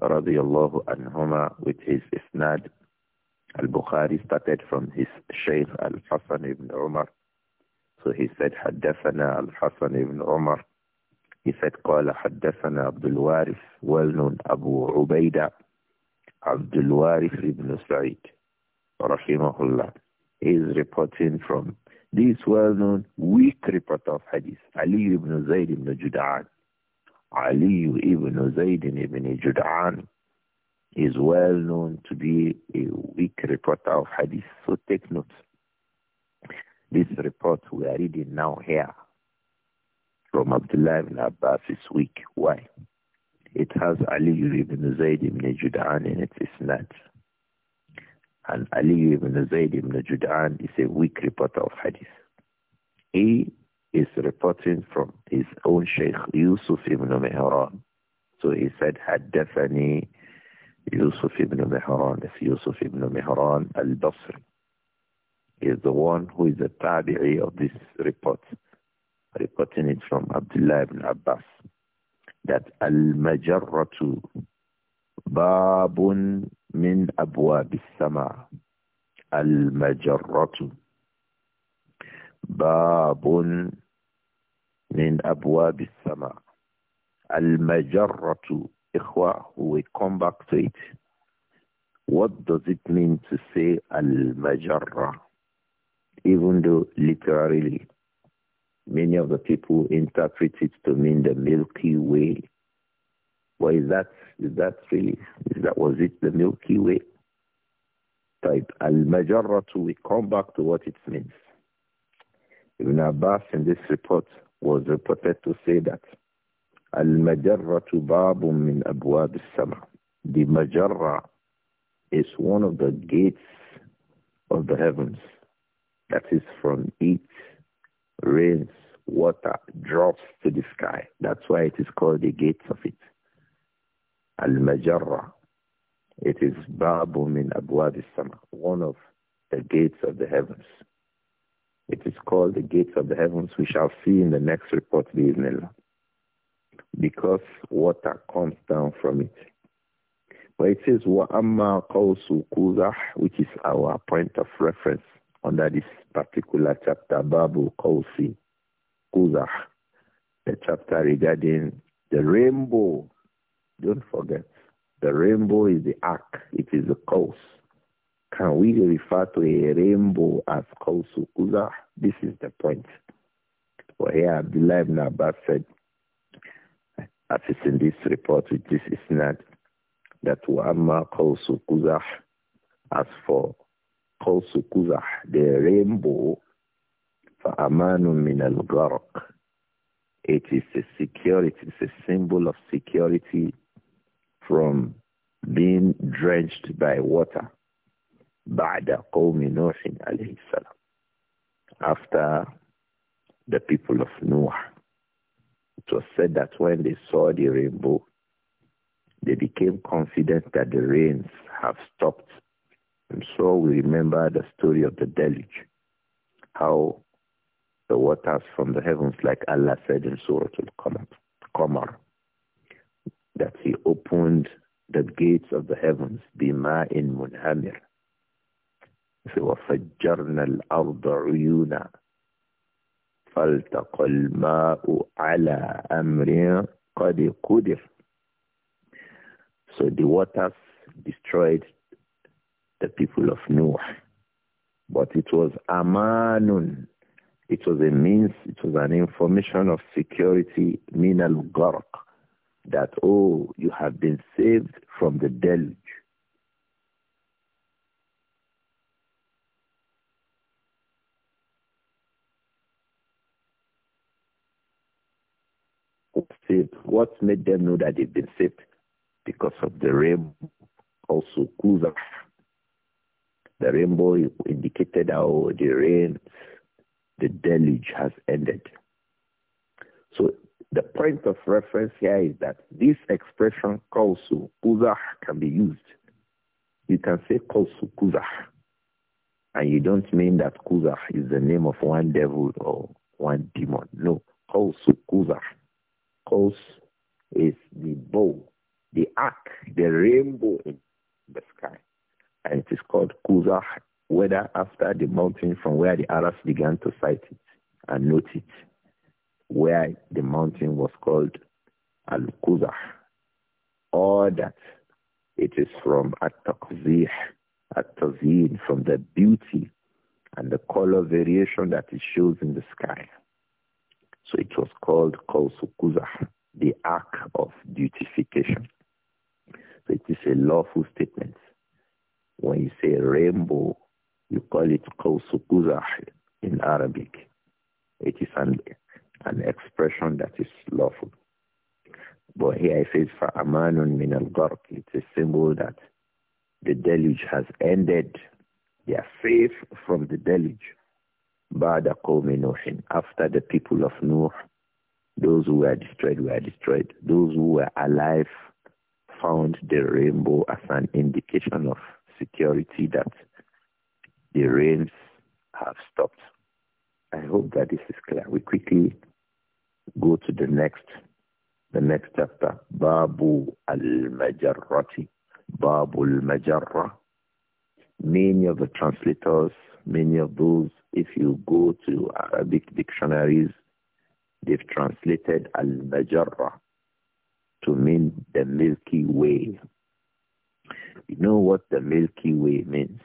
رضي الله عنهما with his isnad Al-Bukhari started from his Shaykh Al-Hasan ibn Umar So he said, al Hassan ibn Umar. He said, قال حدثنا عبد الوارث well-known Abu Ubaidah, عبد الوارث ibn Sa'id, rahimahullah. He is reporting from this well-known weak reporter of hadith, Ali ibn Zayd ibn Juda'an. Ali ibn Zayd ibn Juda'an is well known to be a weak reporter of hadith, so take note. This report we are reading now here from Abdullah ibn Abbas this week. Why? It has Ali ibn Zayd ibn Judan in its not. And Ali ibn Zayd ibn Judan is a weak reporter of hadith. He is reporting from his own Sheikh Yusuf ibn Mihran. So he said, Haddafani Yusuf ibn Mihran. That's Yusuf ibn Mihran al-Basri is the one who is the tabi'i of this report, reporting it from Abdullah ibn Abbas, that al-majarratu babun min abwab sama al-majarratu babun min abwab sama al-majarratu ikhwa, we come back to it. What does it mean to say al-majarra? even though literally many of the people interpret it to mean the Milky Way. But is that is that really is that was it the Milky Way? Type al majarratu we come back to what it means. Ibn Abbas in this report was reported to say that al majarratu babun min abwab sama. The majarra is one of the gates of the heavens. That is from it rains, water drops to the sky. That's why it is called the gates of it. Al-Majarra. It is Babu min Abwab one of the gates of the heavens. It is called the gates of the heavens. We shall see in the next report, Bismillah. Because water comes down from it. But it says, وَأَمَّا قَوْسُ which is our point of reference under this particular chapter, Babu Kausi Kuzah, the chapter regarding the rainbow. Don't forget, the rainbow is the ark. It is the cause. Can we refer to a rainbow as Kausu Kuzah? This is the point. Well, here Abdullah ibn Abbas said, as it's in this report with this not that Wa'amma Kausu Kuzah as for قوس قزح the rainbow فأمان من الغرق it is a security it's a symbol of security from being drenched by water بعد قوم نوح عليه السلام after the people of Noah it was said that when they saw the rainbow, they became confident that the rains have stopped I'm sure we remember the story of the deluge, how the waters from the heavens, like Allah said in Surah Al-Qamar, that He opened the gates of the heavens, bima in munhamir. So, وَفَجَّرْنَا الْأَرْضَ عُيُونًا فَالْتَقَى الْمَاءُ عَلَى أَمْرٍ قَدْ قُدِرٍ So the waters destroyed the people of Noah. But it was amanun. It was a means, it was an information of security, min al -gharq, that, oh, you have been saved from the deluge. What made them know that they've been saved? Because of the rain, also Kuzak. The rainbow indicated how the rain, the deluge has ended. So the point of reference here is that this expression kausu kuzah can be used. You can say kausu kuzah. And you don't mean that kuzah is the name of one devil or one demon. No. Kausu kuzah. Kaus is the bow, the arc, the rainbow in the sky. And it is called Kuzah, whether after the mountain from where the Arabs began to sight it and note it, where the mountain was called Al-Kuzah. or that it is from At-Taqzih, At-Tazin, from the beauty and the color variation that it shows in the sky. So it was called Kausukuzah, the ark of beautification. So it is a lawful statement. When you say rainbow, you call it qawsukuzah in Arabic. It is an, an expression that is lawful. But here it says, فَأَمَانٌ مِنَ الْغَرْقِ It's a symbol that the deluge has ended. They are safe from the deluge. بَعْدَ قَوْمِ نُوحٍ After the people of Nuh, those who were destroyed were destroyed. Those who were alive found the rainbow as an indication of security that the rains have stopped. I hope that this is clear. We quickly go to the next, the next chapter. Babu al-Majarrati. Babu al-Majarra. Many of the translators, many of those, if you go to Arabic dictionaries, they've translated al-Majarra to mean the Milky Way, you know what the Milky Way means?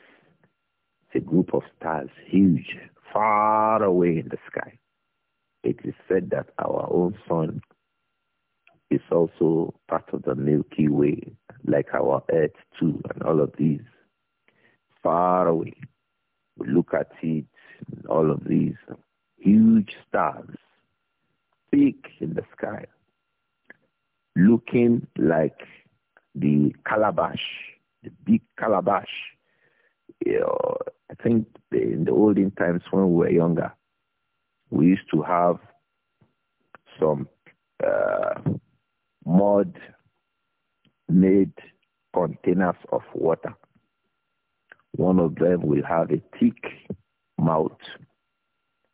It's a group of stars, huge, far away in the sky. It is said that our own sun is also part of the Milky Way, like our Earth too, and all of these far away. We look at it, all of these huge stars, big in the sky, looking like the calabash the big calabash. You know, I think in the olden times when we were younger, we used to have some uh, mud made containers of water. One of them will have a thick mouth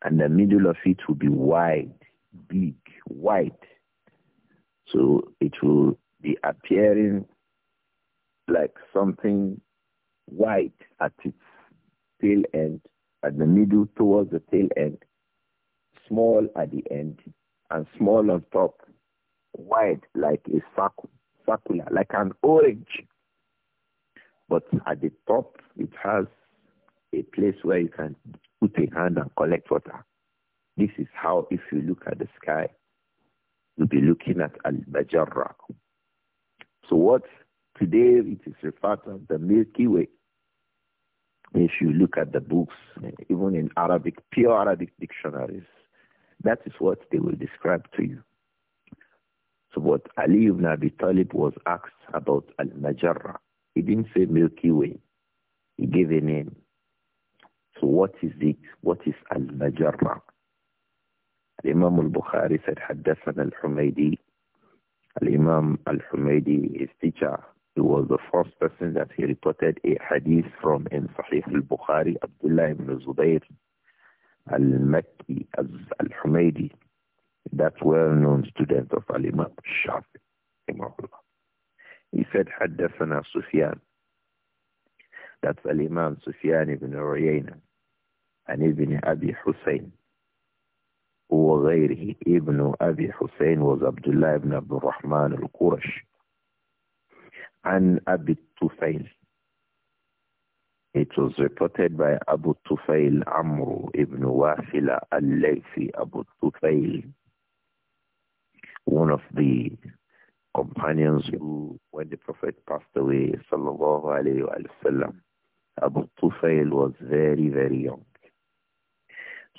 and the middle of it will be wide, big, wide. So it will be appearing like something white at its tail end, at the middle towards the tail end, small at the end, and small on top, wide like a circle, circular, like an orange. But at the top, it has a place where you can put a hand and collect water. This is how, if you look at the sky, you'll be looking at Al-Bajarra. So what Today it is referred to as the Milky Way. If you look at the books, even in Arabic, pure Arabic dictionaries, that is what they will describe to you. So what Ali ibn Abi Talib was asked about Al-Majarra. He didn't say Milky Way. He gave a name. So what is it? What is Al-Majarra? Al Bukhari said حدثنا الحميدي Al الحميدي is teacher he was the first person that he reported a hadith from in Sahih al-Bukhari, Abdullah ibn Zubayr al-Makki al-Humaydi, that well-known student of Al-Imam Shafi. He said, حدثنا Sufyan. That's Al-Imam Sufyan ibn Uyayna and Ibn Abi Hussein. وغيره ابن أبي حسين was Abdullah ibn Abdul Rahman al-Qurash an Abi Tufail. It was reported by Abu Tufail Amru ibn Wafila al-Layfi Abu Tufail, one of the companions who, when the Prophet passed away, sallallahu alayhi wa sallam, Abu Tufail was very, very young.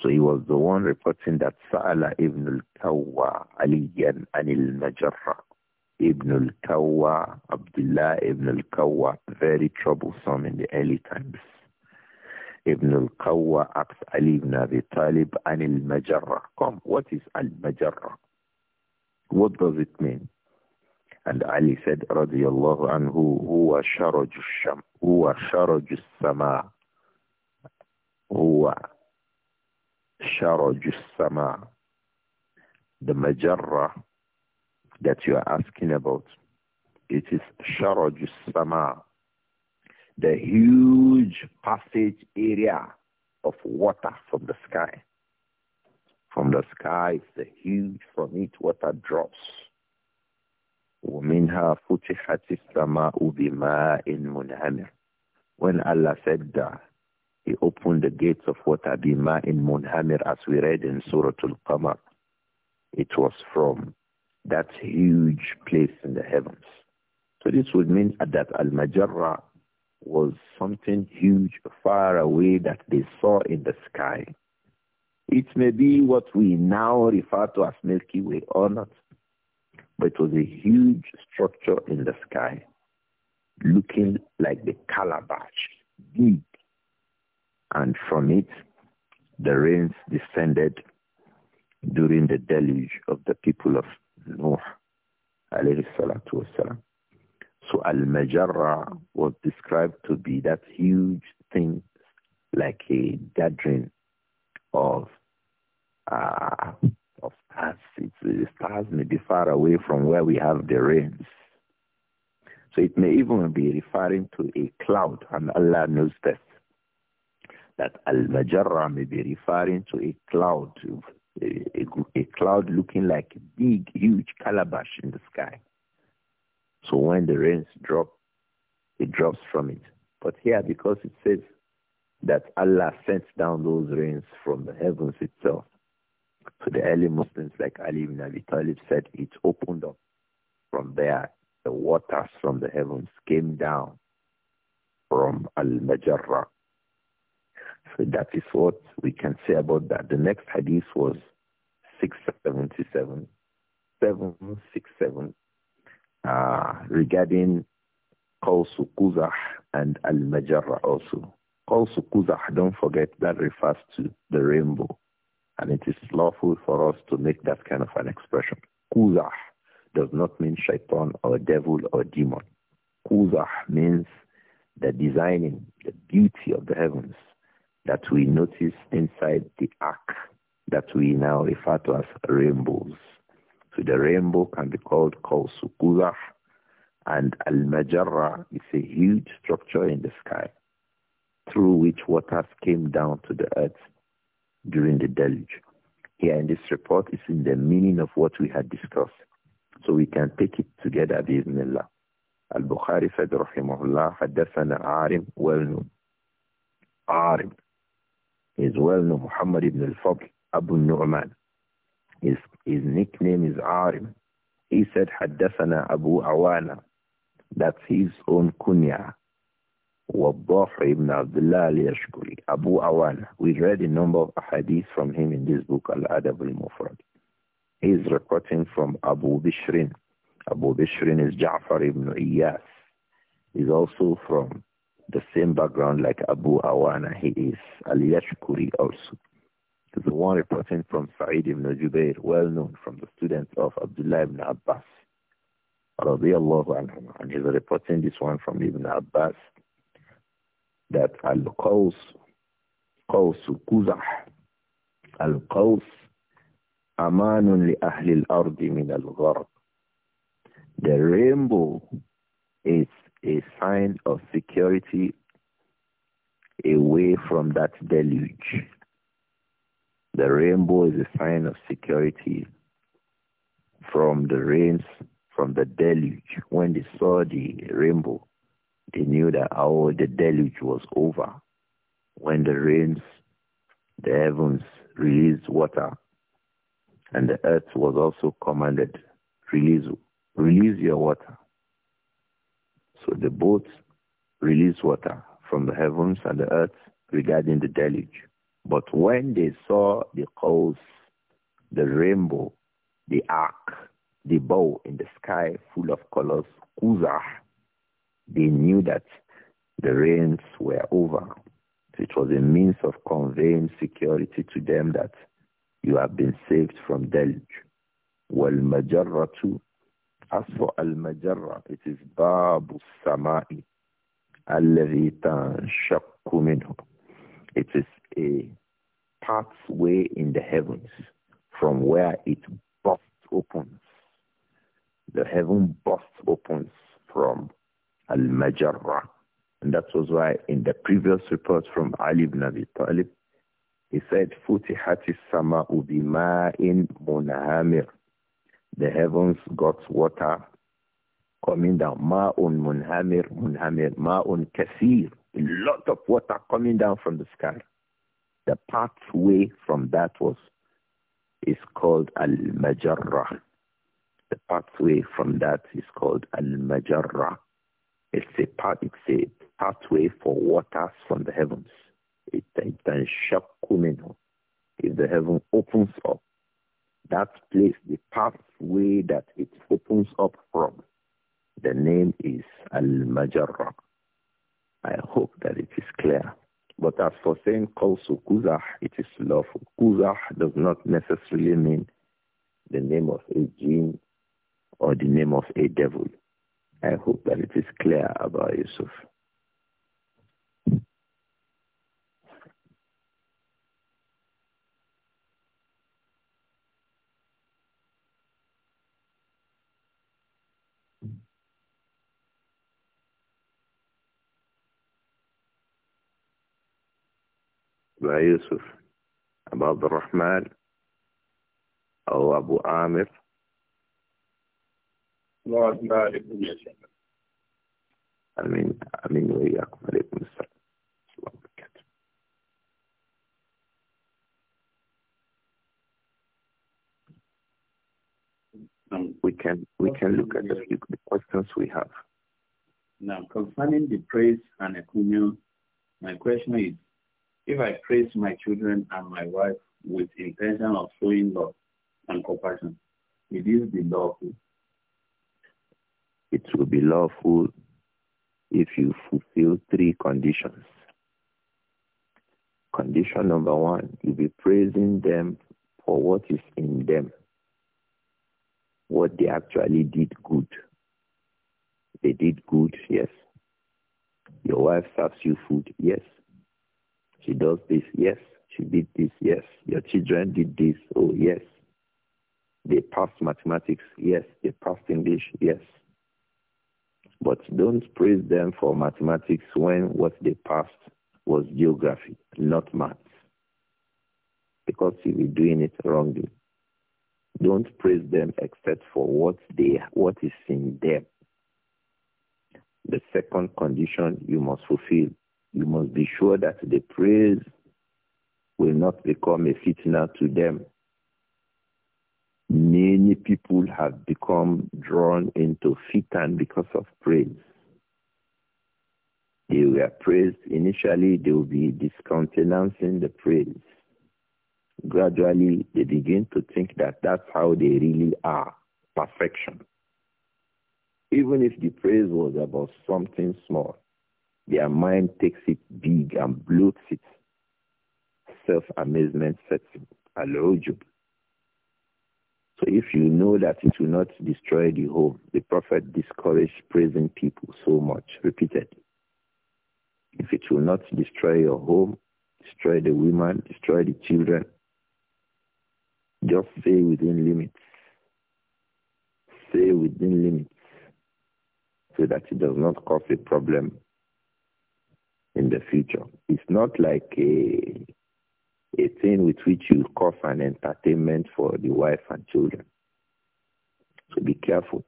So he was the one reporting that Sa'ala ibn al-Kawwa aliyan anil Najarra. Ibn al-Kawwa, Abdullah ibn al-Kawwa, very troublesome in the early times. Ibn al-Kawwa asked Ali ibn Abi Talib, An al Come, what is Majarrah? What does it mean? And Ali said, radiyallahu anhu, huwa sharaju sham, huwa sharaju sama, huwa sharaju sama. The Majarrah that you are asking about. It is Sharaj Sama, the huge passage area of water from the sky. From the sky is the huge, from it water drops. ومنها فتحت السماء بماء منهمر. When Allah said that, He opened the gates of water bima in Munhamir as we read in Surah Al-Qamar. It was from that huge place in the heavens. So this would mean that Al-Majarra was something huge far away that they saw in the sky. It may be what we now refer to as Milky Way or not, but it was a huge structure in the sky looking like the calabash, deep. And from it, the rains descended during the deluge of the people of so Al-Majarra was described to be that huge thing like a gathering of uh, of stars. It's, the stars may be far away from where we have the rains. So it may even be referring to a cloud, and Allah knows best. That Al-Majarra may be referring to a cloud a, a, cloud looking like a big, huge calabash in the sky. So when the rains drop, it drops from it. But here, because it says that Allah sent down those rains from the heavens itself, so the early Muslims like Ali ibn Abi Talib said it opened up from there. The waters from the heavens came down from Al-Majarra. So that is what we can say about that. The next hadith was 677, 767 uh, regarding Qawsu Sukuzah and Al-Majarra also. Qawsu Sukuzah, don't forget, that refers to the rainbow. And it is lawful for us to make that kind of an expression. Quzah does not mean shaitan or devil or demon. Quzah means the designing, the beauty of the heavens that we notice inside the ark that we now refer to as rainbows. So the rainbow can be called Kawsukulah and Al-Majarra is a huge structure in the sky through which waters came down to the earth during the deluge. Here in this report is in the meaning of what we had discussed. So we can take it together Bismillah. al Al-Bukhari said "Rahimahullah." الله حدثنا well known. عارم is well known Muhammad ibn al-Fadl Abu Nu'man. His, his nickname is Arim. He said, Haddathana Abu Awana. That's his own kunya. Wabbah ibn Abdullah al-Yashkuri, Abu Awana. We read a number of hadiths from him in this book, Al-Adab al-Mufrad. He's recording from Abu Bishrin. Abu Bishrin is Ja'far ibn Iyas. He's also from the same background like Abu Awana. He is al-Yashkuri also. This is one reporting from Sa'id ibn Jubair, well known from the students of Abdullah ibn Abbas. And he's reporting this one from Ibn Abbas that Al-Qaws, Qaws Kuzah, Al-Qaws, Amanun li Ahli al-Ardi min al-Gharb. The rainbow is a sign of security away from that deluge the rainbow is a sign of security from the rains, from the deluge. When they saw the rainbow, they knew that our the deluge was over. When the rains, the heavens released water, and the earth was also commanded, release, release your water. So the boats released water from the heavens and the earth regarding the deluge. But when they saw the coals, the rainbow, the ark, the bow in the sky full of colors, Kuzah, they knew that the rains were over. It was a means of conveying security to them that you have been saved from deluge. Well, majarra too. As for Al-Majarra, it is Babu Sama'i. al It is a pathway in the heavens from where it bursts opens. The heaven bursts opens from Al-Majarra. And that was why in the previous report from Ali ibn Abi Talib, he said, Futihati sama ubima in munahamir. The heavens got water coming down. Ma'un munhamir, munhamir, ma'un kathir. A lot of water coming down from the sky. The pathway from that was is called al-majarrah. The pathway from that is called al-majarrah. It's a path, it's a pathway for waters from the heavens. It can If the heaven opens up, that place, the pathway that it opens up from, the name is Al-Majarrah. I hope that it is clear. But as for saying also kuzah, it is lawful. Kuzah does not necessarily mean the name of a jinn or the name of a devil. I hope that it is clear about Yusuf. Yusuf, Rahman, or Abu Amir? We can we can look at the, the questions we have. Now concerning the praise and communion, my question is if I praise my children and my wife with intention of showing love and compassion, it is be lawful. It will be lawful if you fulfill three conditions. Condition number one, you be praising them for what is in them, what they actually did good. They did good, yes. Your wife serves you food, yes. She does this, yes. She did this, yes. Your children did this, oh, yes. They passed mathematics, yes. They passed English, yes. But don't praise them for mathematics when what they passed was geography, not math, Because you'll be doing it wrongly. Don't praise them except for what they what is in them. The second condition you must fulfill you must be sure that the praise will not become a fitna to them. Many people have become drawn into fitan because of praise. They were praised initially, they will be discountenancing the praise. Gradually, they begin to think that that's how they really are, perfection even if the praise was about something small. Their mind takes it big and bloats it. Self-amazement sets in. Al-Ujub. So if you know that it will not destroy the home, the Prophet discouraged praising people so much, repeatedly. If it will not destroy your home, destroy the women, destroy the children, just stay within limits. Stay within limits so that it does not cause a problem in the future. It's not like a, a thing with which you cough an entertainment for the wife and children. So be careful.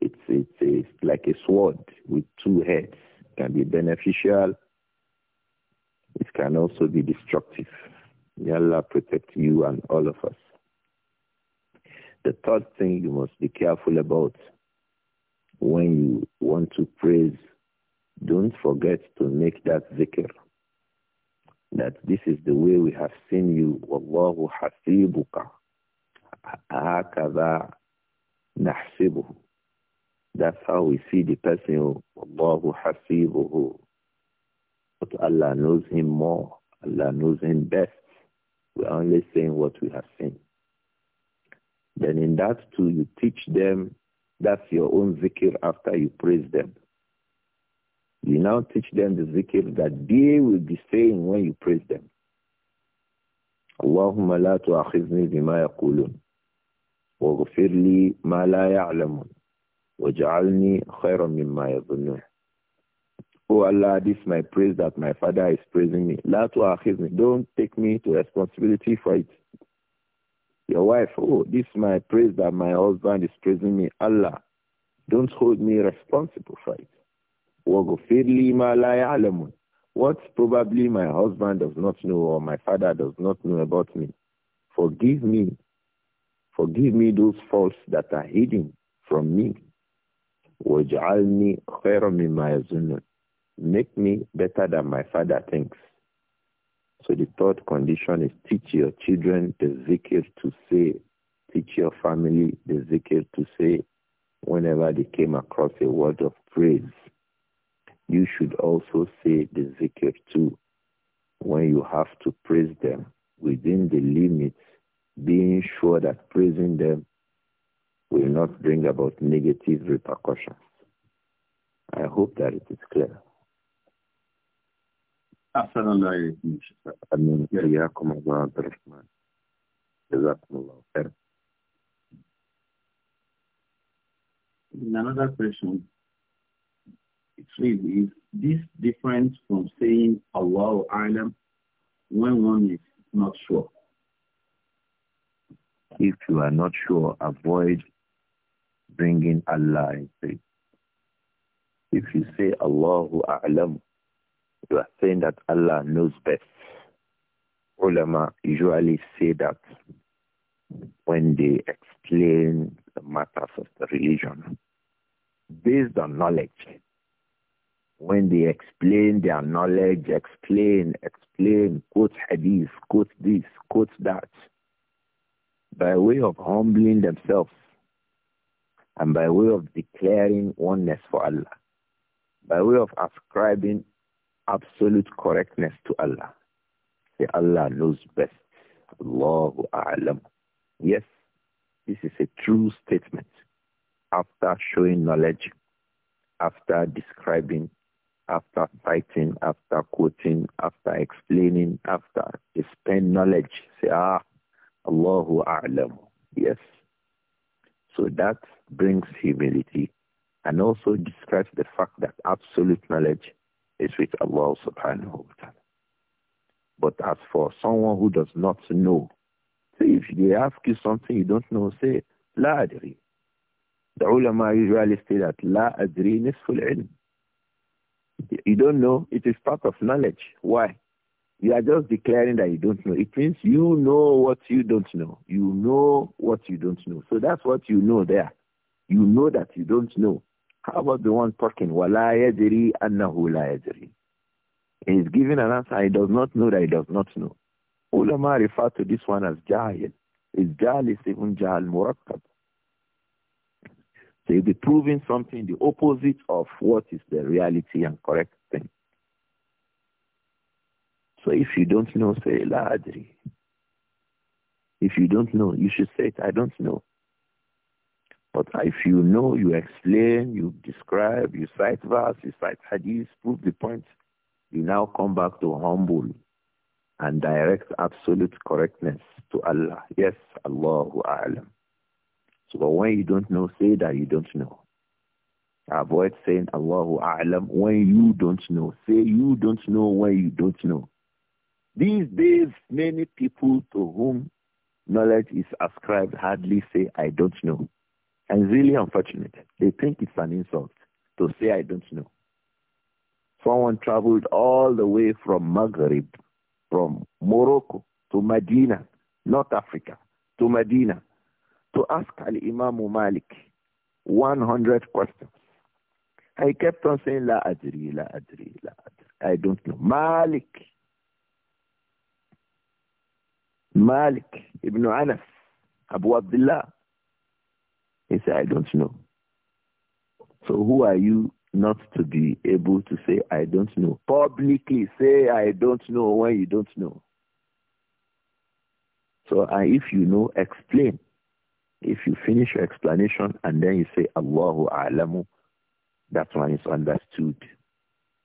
It's, it's, it's like a sword with two heads. It can be beneficial. It can also be destructive. May Allah protect you and all of us. The third thing you must be careful about when you want to praise don't forget to make that zikr. That this is the way we have seen you. Wallahu hasibuka. Hakada nahsibuhu. That's how we see the person. Wallahu hasibuhu. But Allah knows him more. Allah knows him best. We're only saying what we have seen. Then in that too, you teach them that's your own zikr after you praise them. You now teach them the zikr that they will be saying when you praise them. اللهم لا تؤاخذني بما يقولون واغفر لي ما لا يعلمون واجعلني خيرا مما يظنون Oh Allah, this my praise that my father is praising me. لا تؤاخذني. Don't take me to responsibility for it. Your wife, oh, this my praise that my husband is praising me. Allah, don't hold me responsible for it. What probably my husband does not know or my father does not know about me. Forgive me. Forgive me those faults that are hidden from me. Make me better than my father thinks. So the third condition is teach your children the zikr to say, teach your family the zikr to say whenever they came across a word of praise. You should also say the zikr too when you have to praise them within the limits, being sure that praising them will not bring about negative repercussions. I hope that it is clear. Another question phrase is this different from saying Allah Alam when one is not sure? If you are not sure, avoid bringing Allah in faith. If you say Allahu A'lam, you are saying that Allah knows best. Ulama usually say that when they explain the matters of the religion based on knowledge when they explain their knowledge, explain, explain, quote hadith, quote this, quote that, by way of humbling themselves and by way of declaring oneness for Allah, by way of ascribing absolute correctness to Allah. Say Allah knows best. Allahu A'lam. Yes, this is a true statement after showing knowledge, after describing after fighting, after quoting, after explaining, after spend knowledge. Say, ah, Allahu A'lam. Yes. So that brings humility and also describes the fact that absolute knowledge is with Allah subhanahu wa ta'ala. But as for someone who does not know, say if they ask you something you don't know, say, La adri. The ulama usually say that La adri nisful ilm. You don't know. It is part of knowledge. Why? You are just declaring that you don't know. It means you know what you don't know. You know what you don't know. So that's what you know there. You know that you don't know. How about the one talking? Wala yajri annahu la yajri. He is giving an answer. He does not know that he does not know. Ulama refer to this one as jahil. Is jahil is even jahil murakkab. So you'll be proving something the opposite of what is the reality and correct thing. So if you don't know, say La Adri. If you don't know, you should say it, I don't know. But if you know, you explain, you describe, you cite verse, you cite hadith, prove the point, you now come back to humble and direct absolute correctness to Allah. Yes, Allahu A'lam but when you don't know, say that you don't know. Avoid saying Allahu A'lam when you don't know. Say you don't know when you don't know. These days, many people to whom knowledge is ascribed hardly say, I don't know. And really unfortunate. They think it's an insult to say, I don't know. Someone traveled all the way from Maghreb, from Morocco to Medina, North Africa, to Medina, to ask Al-Imam Malik 100 questions. I kept on saying, La Adri, La Adri, La Adri. I don't know. Malik. Malik ibn Anas, Abu Abdullah. He said, I don't know. So who are you not to be able to say, I don't know? Publicly say, I don't know when you don't know. So uh, if you know, explain. If you finish your explanation and then you say, Allahu A'lamu, that one is understood.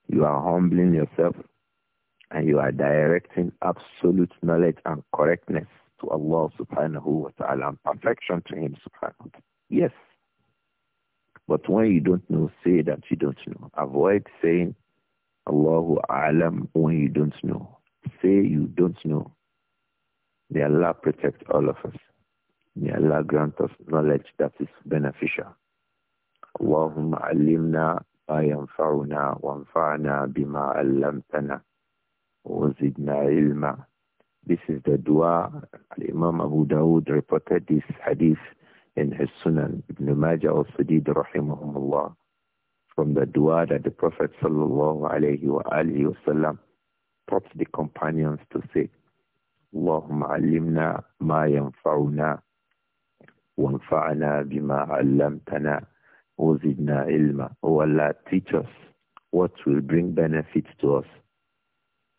You are humbling yourself and you are directing absolute knowledge and correctness to Allah subhanahu wa ta'ala and perfection to him subhanahu wa ta'ala. Yes. But when you don't know, say that you don't know. Avoid saying Allahu Alam when you don't know. Say you don't know. May Allah protect all of us. May Allah grant us knowledge that is beneficial. اللهم علمنا ما ينفعنا وانفعنا بما علمتنا وزدنا علما. This is the dua. Imam Abu Dawud reported this hadith in his Sunan. Ibn Majah also did, rahimahumullah, from the dua that the Prophet sallallahu alayhi wa alihi taught the companions to say, اللهم علمنا ما ينفعنا وانفعنا بما علمتنا وزدنا علما O Allah teach us what will bring benefit to us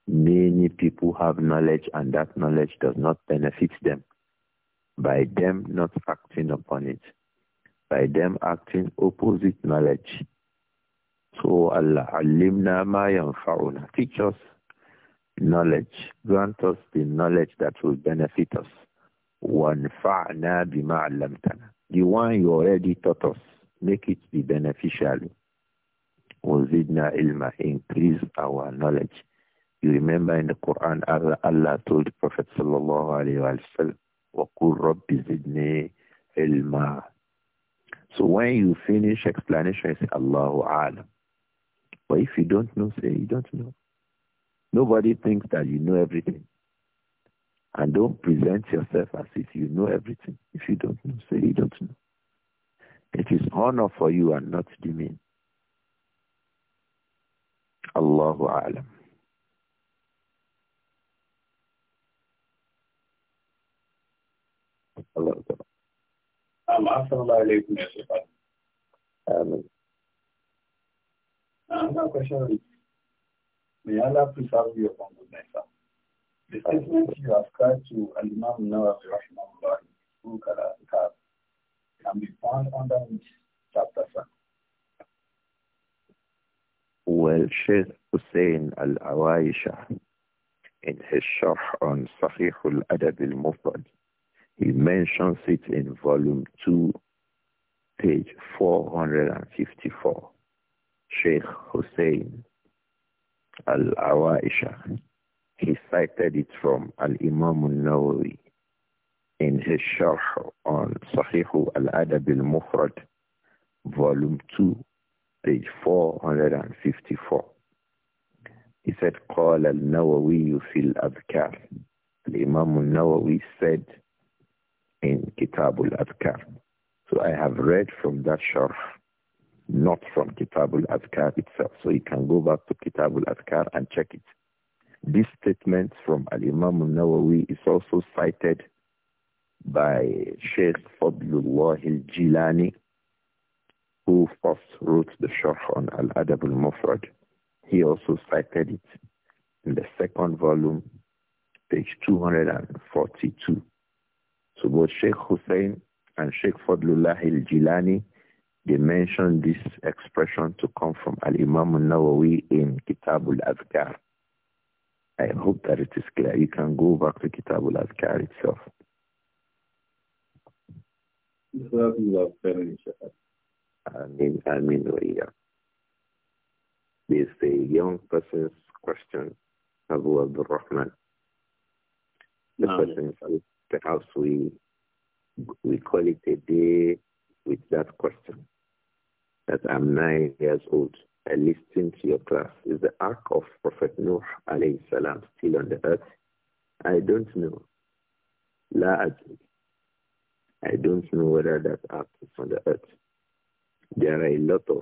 many people have knowledge and that knowledge does not benefit them by them not acting upon it by them acting opposite knowledge so Allah alimna ma yanfa'una teach us knowledge grant us the knowledge that will benefit us وَانْفَعْنَا بِمَا عَلَّمْتَنَا The one you already taught us, make it be beneficial. وَزِدْنَا إِلْمَا Increase our knowledge. You remember in the Quran, Allah told the Prophet الله عليه وسلم, وَقُلْ رَبِّ زِدْنِي إِلْمَا So when you finish explanation, you say, Allahu Alam. But if you don't know, say you don't know. Nobody thinks that you know everything. And don't present yourself as if you know everything. If you don't know, say you don't know. It is honor for you and not demean. Allahu A'lam. Allahu Another um, um, question is, may Allah preserve you from goodness, sir. The statement you ascribe to Al-Imam Nawawi rahimahullah in Al-Kitab can be found under chapter 7? Well, Sheikh Hussein Al-Awaisha, in his Sharh on Sahih Al-Adab al he mentions it in volume 2, page 454. Sheikh Hussein Al-Awaisha cited it from Al-Imam al-Nawawi in his Sharh on Sahih al-Adab al-Mufrad, volume 2, page 454. He said, قال النووي في الأذكار. Al-Imam al-Nawawi said in Kitab al-Adhkar. So I have read from that Sharh, not from Kitab al-Adhkar itself. So you can go back to Kitab al-Adhkar and check it. This statement from Al-Imam al-Nawawi is also cited by Sheikh Fadlullah al-Jilani, who first wrote the Sharh on Al-Adab al-Mufrad. He also cited it in the second volume, page 242. So both Sheikh Hussein and Sheikh Fadlullah al-Jilani, they mentioned this expression to come from Al-Imam al-Nawawi in Kitab al I hope that it is clear. You can go back to Kitabul Azkar itself. I mean, I mean, yeah. This is a young person's question, Abu Abdul Rahman. The no, person says, perhaps we, we call it a day with that question, that I'm nine years old. At least to your class. Is the ark of Prophet Nuh alayhi salam still on the earth? I don't know. La I don't know whether that ark is on the earth. There are a lot of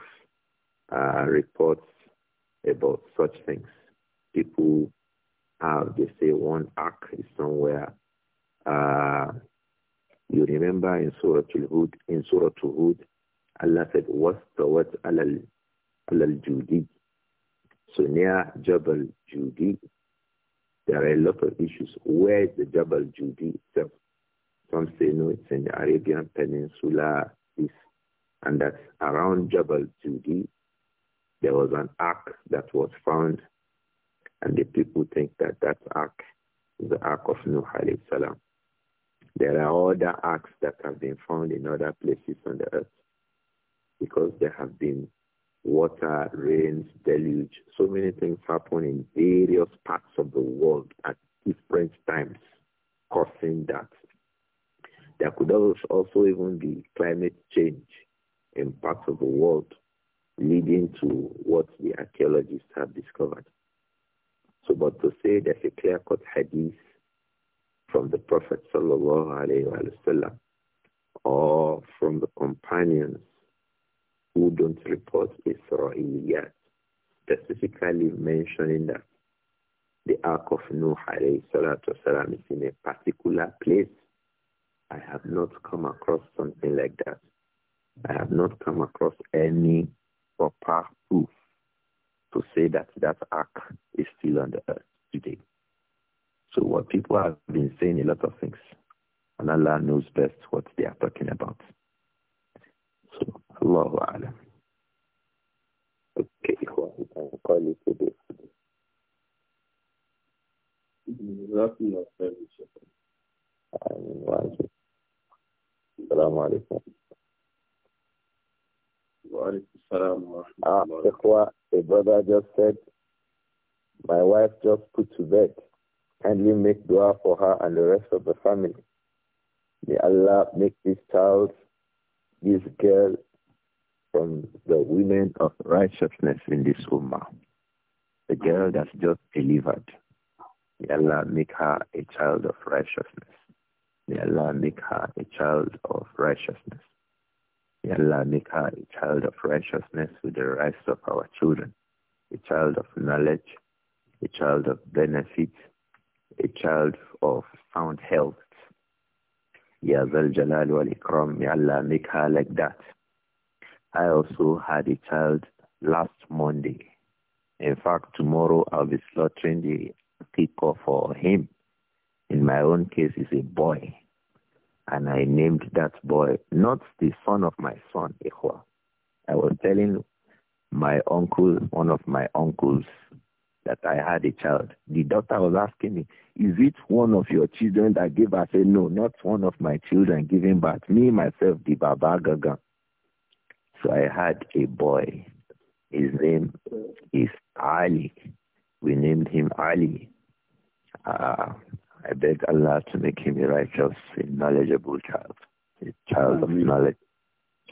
uh, reports about such things. People have, they say one ark is somewhere. Uh, you remember in Surah Al-Hud, in Surah Al-Hud, Allah said, "What's the what alal Jabal al-Judi. So near Jabal Judi, there are a lot of issues. Where is the Jabal Judi itself? Some say no, it's in the Arabian Peninsula East. And that's around Jabal Judi, there was an ark that was found. And the people think that that ark is the ark of Nuh alayhi salam. There are other arcs that have been found in other places on the earth because there have been water, rains, deluge. So many things happen in various parts of the world at different times, causing that. There could also even be climate change in parts of the world, leading to what the archaeologists have discovered. So, but to say there's a clear-cut hadith from the Prophet sallallahu alaihi wasallam, or from the companions who don't report Israel yet, specifically mentioning that the Ark of Noah alayhi salatu is in a particular place. I have not come across something like that. I have not come across any proper proof to say that that ark is still on the earth today. So what people have been saying a lot of things, and Allah knows best what they are talking about. So Allahu Alam. Okay, well, we can call it السلام عليكم وعليكم السلام a brother just said my wife just put to bed kindly make dua for her and the rest of the family may Allah make this child this girl from the women of righteousness in this ummah. The girl that's just delivered. May Allah make her a child of righteousness. May Allah make her a child of righteousness. May Allah make her a child of righteousness with the rights of our children, a child of knowledge, a child of benefit, a child of sound health. Ya Zal Jalal wal Ikram, may Allah make her like that. I also had a child last Monday. In fact, tomorrow I'll be slaughtering the peacock for him. In my own case, it's a boy. And I named that boy, not the son of my son, Ikhwa. I was telling my uncle, one of my uncles, that I had a child. The doctor was asking me, is it one of your children that gave birth? I said, no, not one of my children giving birth. Me, myself, the Baba Gagan. So I had a boy. His name is Ali. We named him Ali. Uh, I beg Allah to make him a righteous and knowledgeable child, a child of knowledge,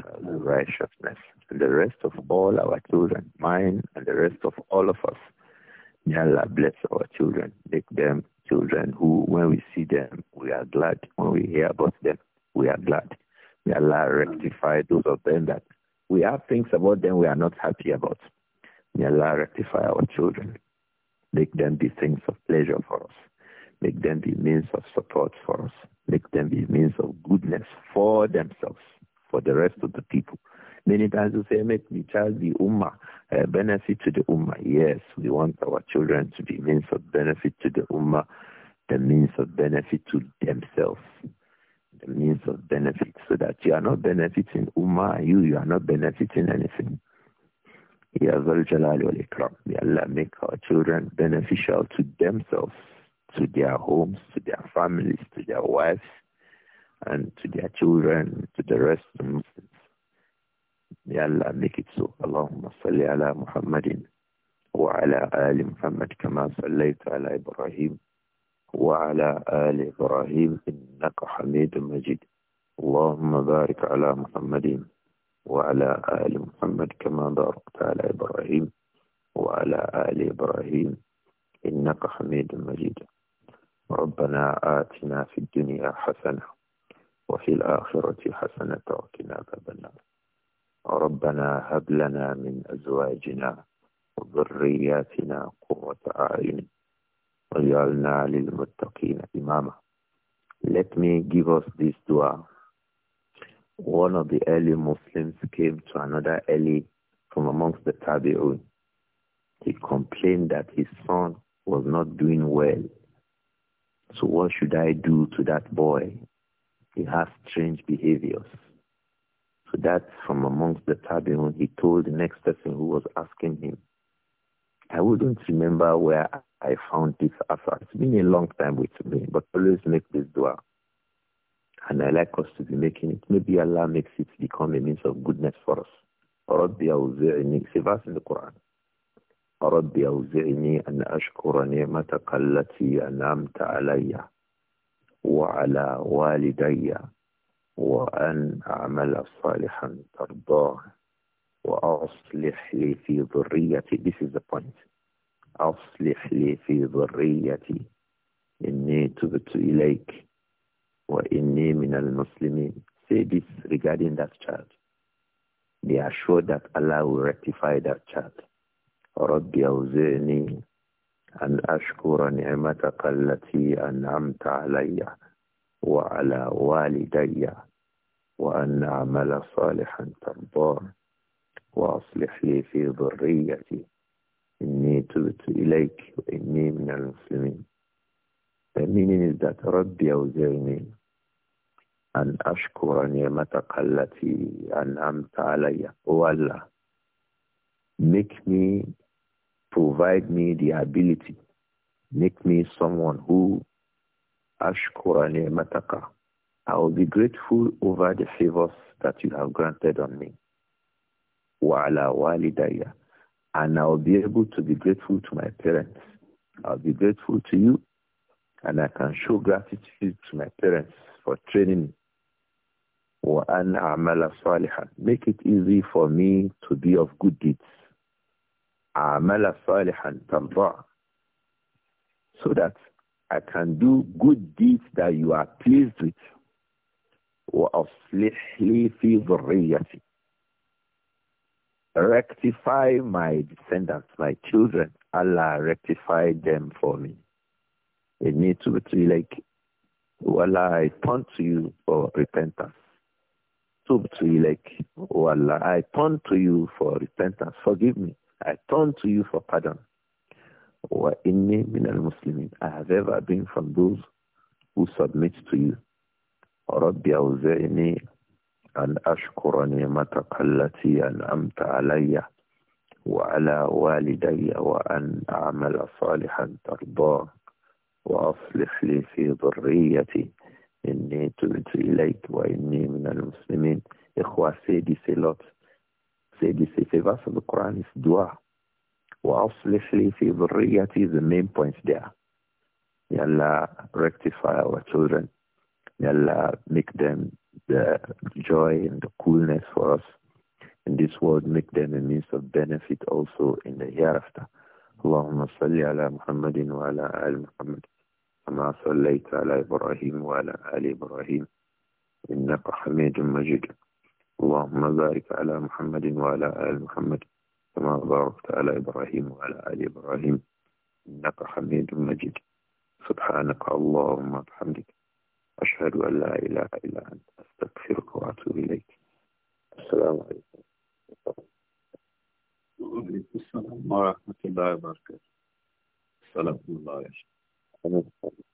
child of righteousness. And the rest of all our children, mine and the rest of all of us, may Allah bless our children, make them children who, when we see them, we are glad. When we hear about them, we are glad. May Allah rectify those of them that we have things about them we are not happy about. May Allah rectify our children. Make them be things of pleasure for us. Make them be means of support for us. Make them be means of goodness for themselves, for the rest of the people. Many times we say, make the child be ummah, uh, benefit to the ummah. Yes, we want our children to be means of benefit to the ummah, the means of benefit to themselves the means of benefit so that you are not benefiting Ummah and you, you are not benefiting anything. Ya Zal Jalal wal Ikram. May Allah make our children beneficial to themselves, to their homes, to their families, to their wives, and to their children, to the rest of the Muslims. May Allah make it so. Allahumma salli ala Muhammadin wa ala ali Muhammad kama sallaita ala Ibrahim وعلى آل إبراهيم إنك حميد مجيد اللهم بارك على محمد وعلى آل محمد كما باركت على إبراهيم وعلى آل إبراهيم إنك حميد مجيد ربنا آتنا في الدنيا حسنة وفي الآخرة حسنة وقنا باب النار ربنا هب لنا من أزواجنا وذرياتنا قوة أعين وَجَعَلْنَا لِلْمُتَّقِينَ إِمَامًا Let me give us this dua. One of the early Muslims came to another early from amongst the Tabi'un. He complained that his son was not doing well. So what should I do to that boy? He has strange behaviors. So that from amongst the Tabi'un, he told the next person who was asking him, I wouldn't remember where I found this after. It's been a long time with me, but always make this dua. And I like us to be making it. Maybe Allah makes it become a means of goodness for us. ربي أوزعني في verse in the Quran ربي أوزعني أن أشكر نعمتك التي أنعمت علي وعلى والدي وأن أعمل صالحا ترضاه وأصلح لي في ذريتي This is the point أصلح لي في ذريتي إني تبت إليك وإني من المسلمين Say this regarding that child. They are sure that Allah will rectify that child. رب أوزعني أن أشكر نعمتك التي أنعمت علي وعلى والدي وأن أعمل صالحا ترضاه وأصلح لي في ذريتي إني تبت إليك وإني من المسلمين ربي أوزعني أن أشكر نعمتك التي أنعمت علي والله make me provide me the ability make me someone who ashkura ni'mataka I will be grateful over the favors that you have granted on me وَعَلَى وَالِدَيَّ And I'll be able to be grateful to my parents. I'll be grateful to you. And I can show gratitude to my parents for training me. وَأَنْ أَعْمَلَ صَالِحًا Make it easy for me to be of good deeds. أَعْمَلَ صَالِحًا تَرْضَعَ So that I can do good deeds that you are pleased with. وَأَصْلِحْ لِي فِي ذُرِّيَّتِي rectify my descendants, my children. Allah rectify them for me. They need to be like, oh Allah, I turn to you for repentance. Tub to you like, oh Allah, I turn to you for repentance. Forgive me. I turn to you for pardon. Wa inni minal muslimin. I have ever been from those who submit to you. ربي أوزعني أن أشكر نعمتك التي أنعمت علي وعلى والدي وأن أعمل صالحا ترضاه وأصلح لي في ذريتي إني تبت إليك وإني من المسلمين إخوة سيدي سيلوت سيدي سيدي بس القرآن the وأصلح لي في ذريتي the main points there يلا rectify our children يلا make them the joy and the coolness for us in this world, make them a means of benefit also in the hereafter. اللهم صل على محمد وعلى آل محمد كما صليت على إبراهيم وعلى آل إبراهيم إنك حميد مجيد اللهم بارك على محمد وعلى آل محمد كما باركت على إبراهيم وعلى آل إبراهيم إنك حميد مجيد سبحانك اللهم وبحمدك أشهد أن لا إله إلا أنت أستغفرك وأتوب إليك السلام عليكم وعليكم السلام ورحمة الله وبركاته السلام الله عليكم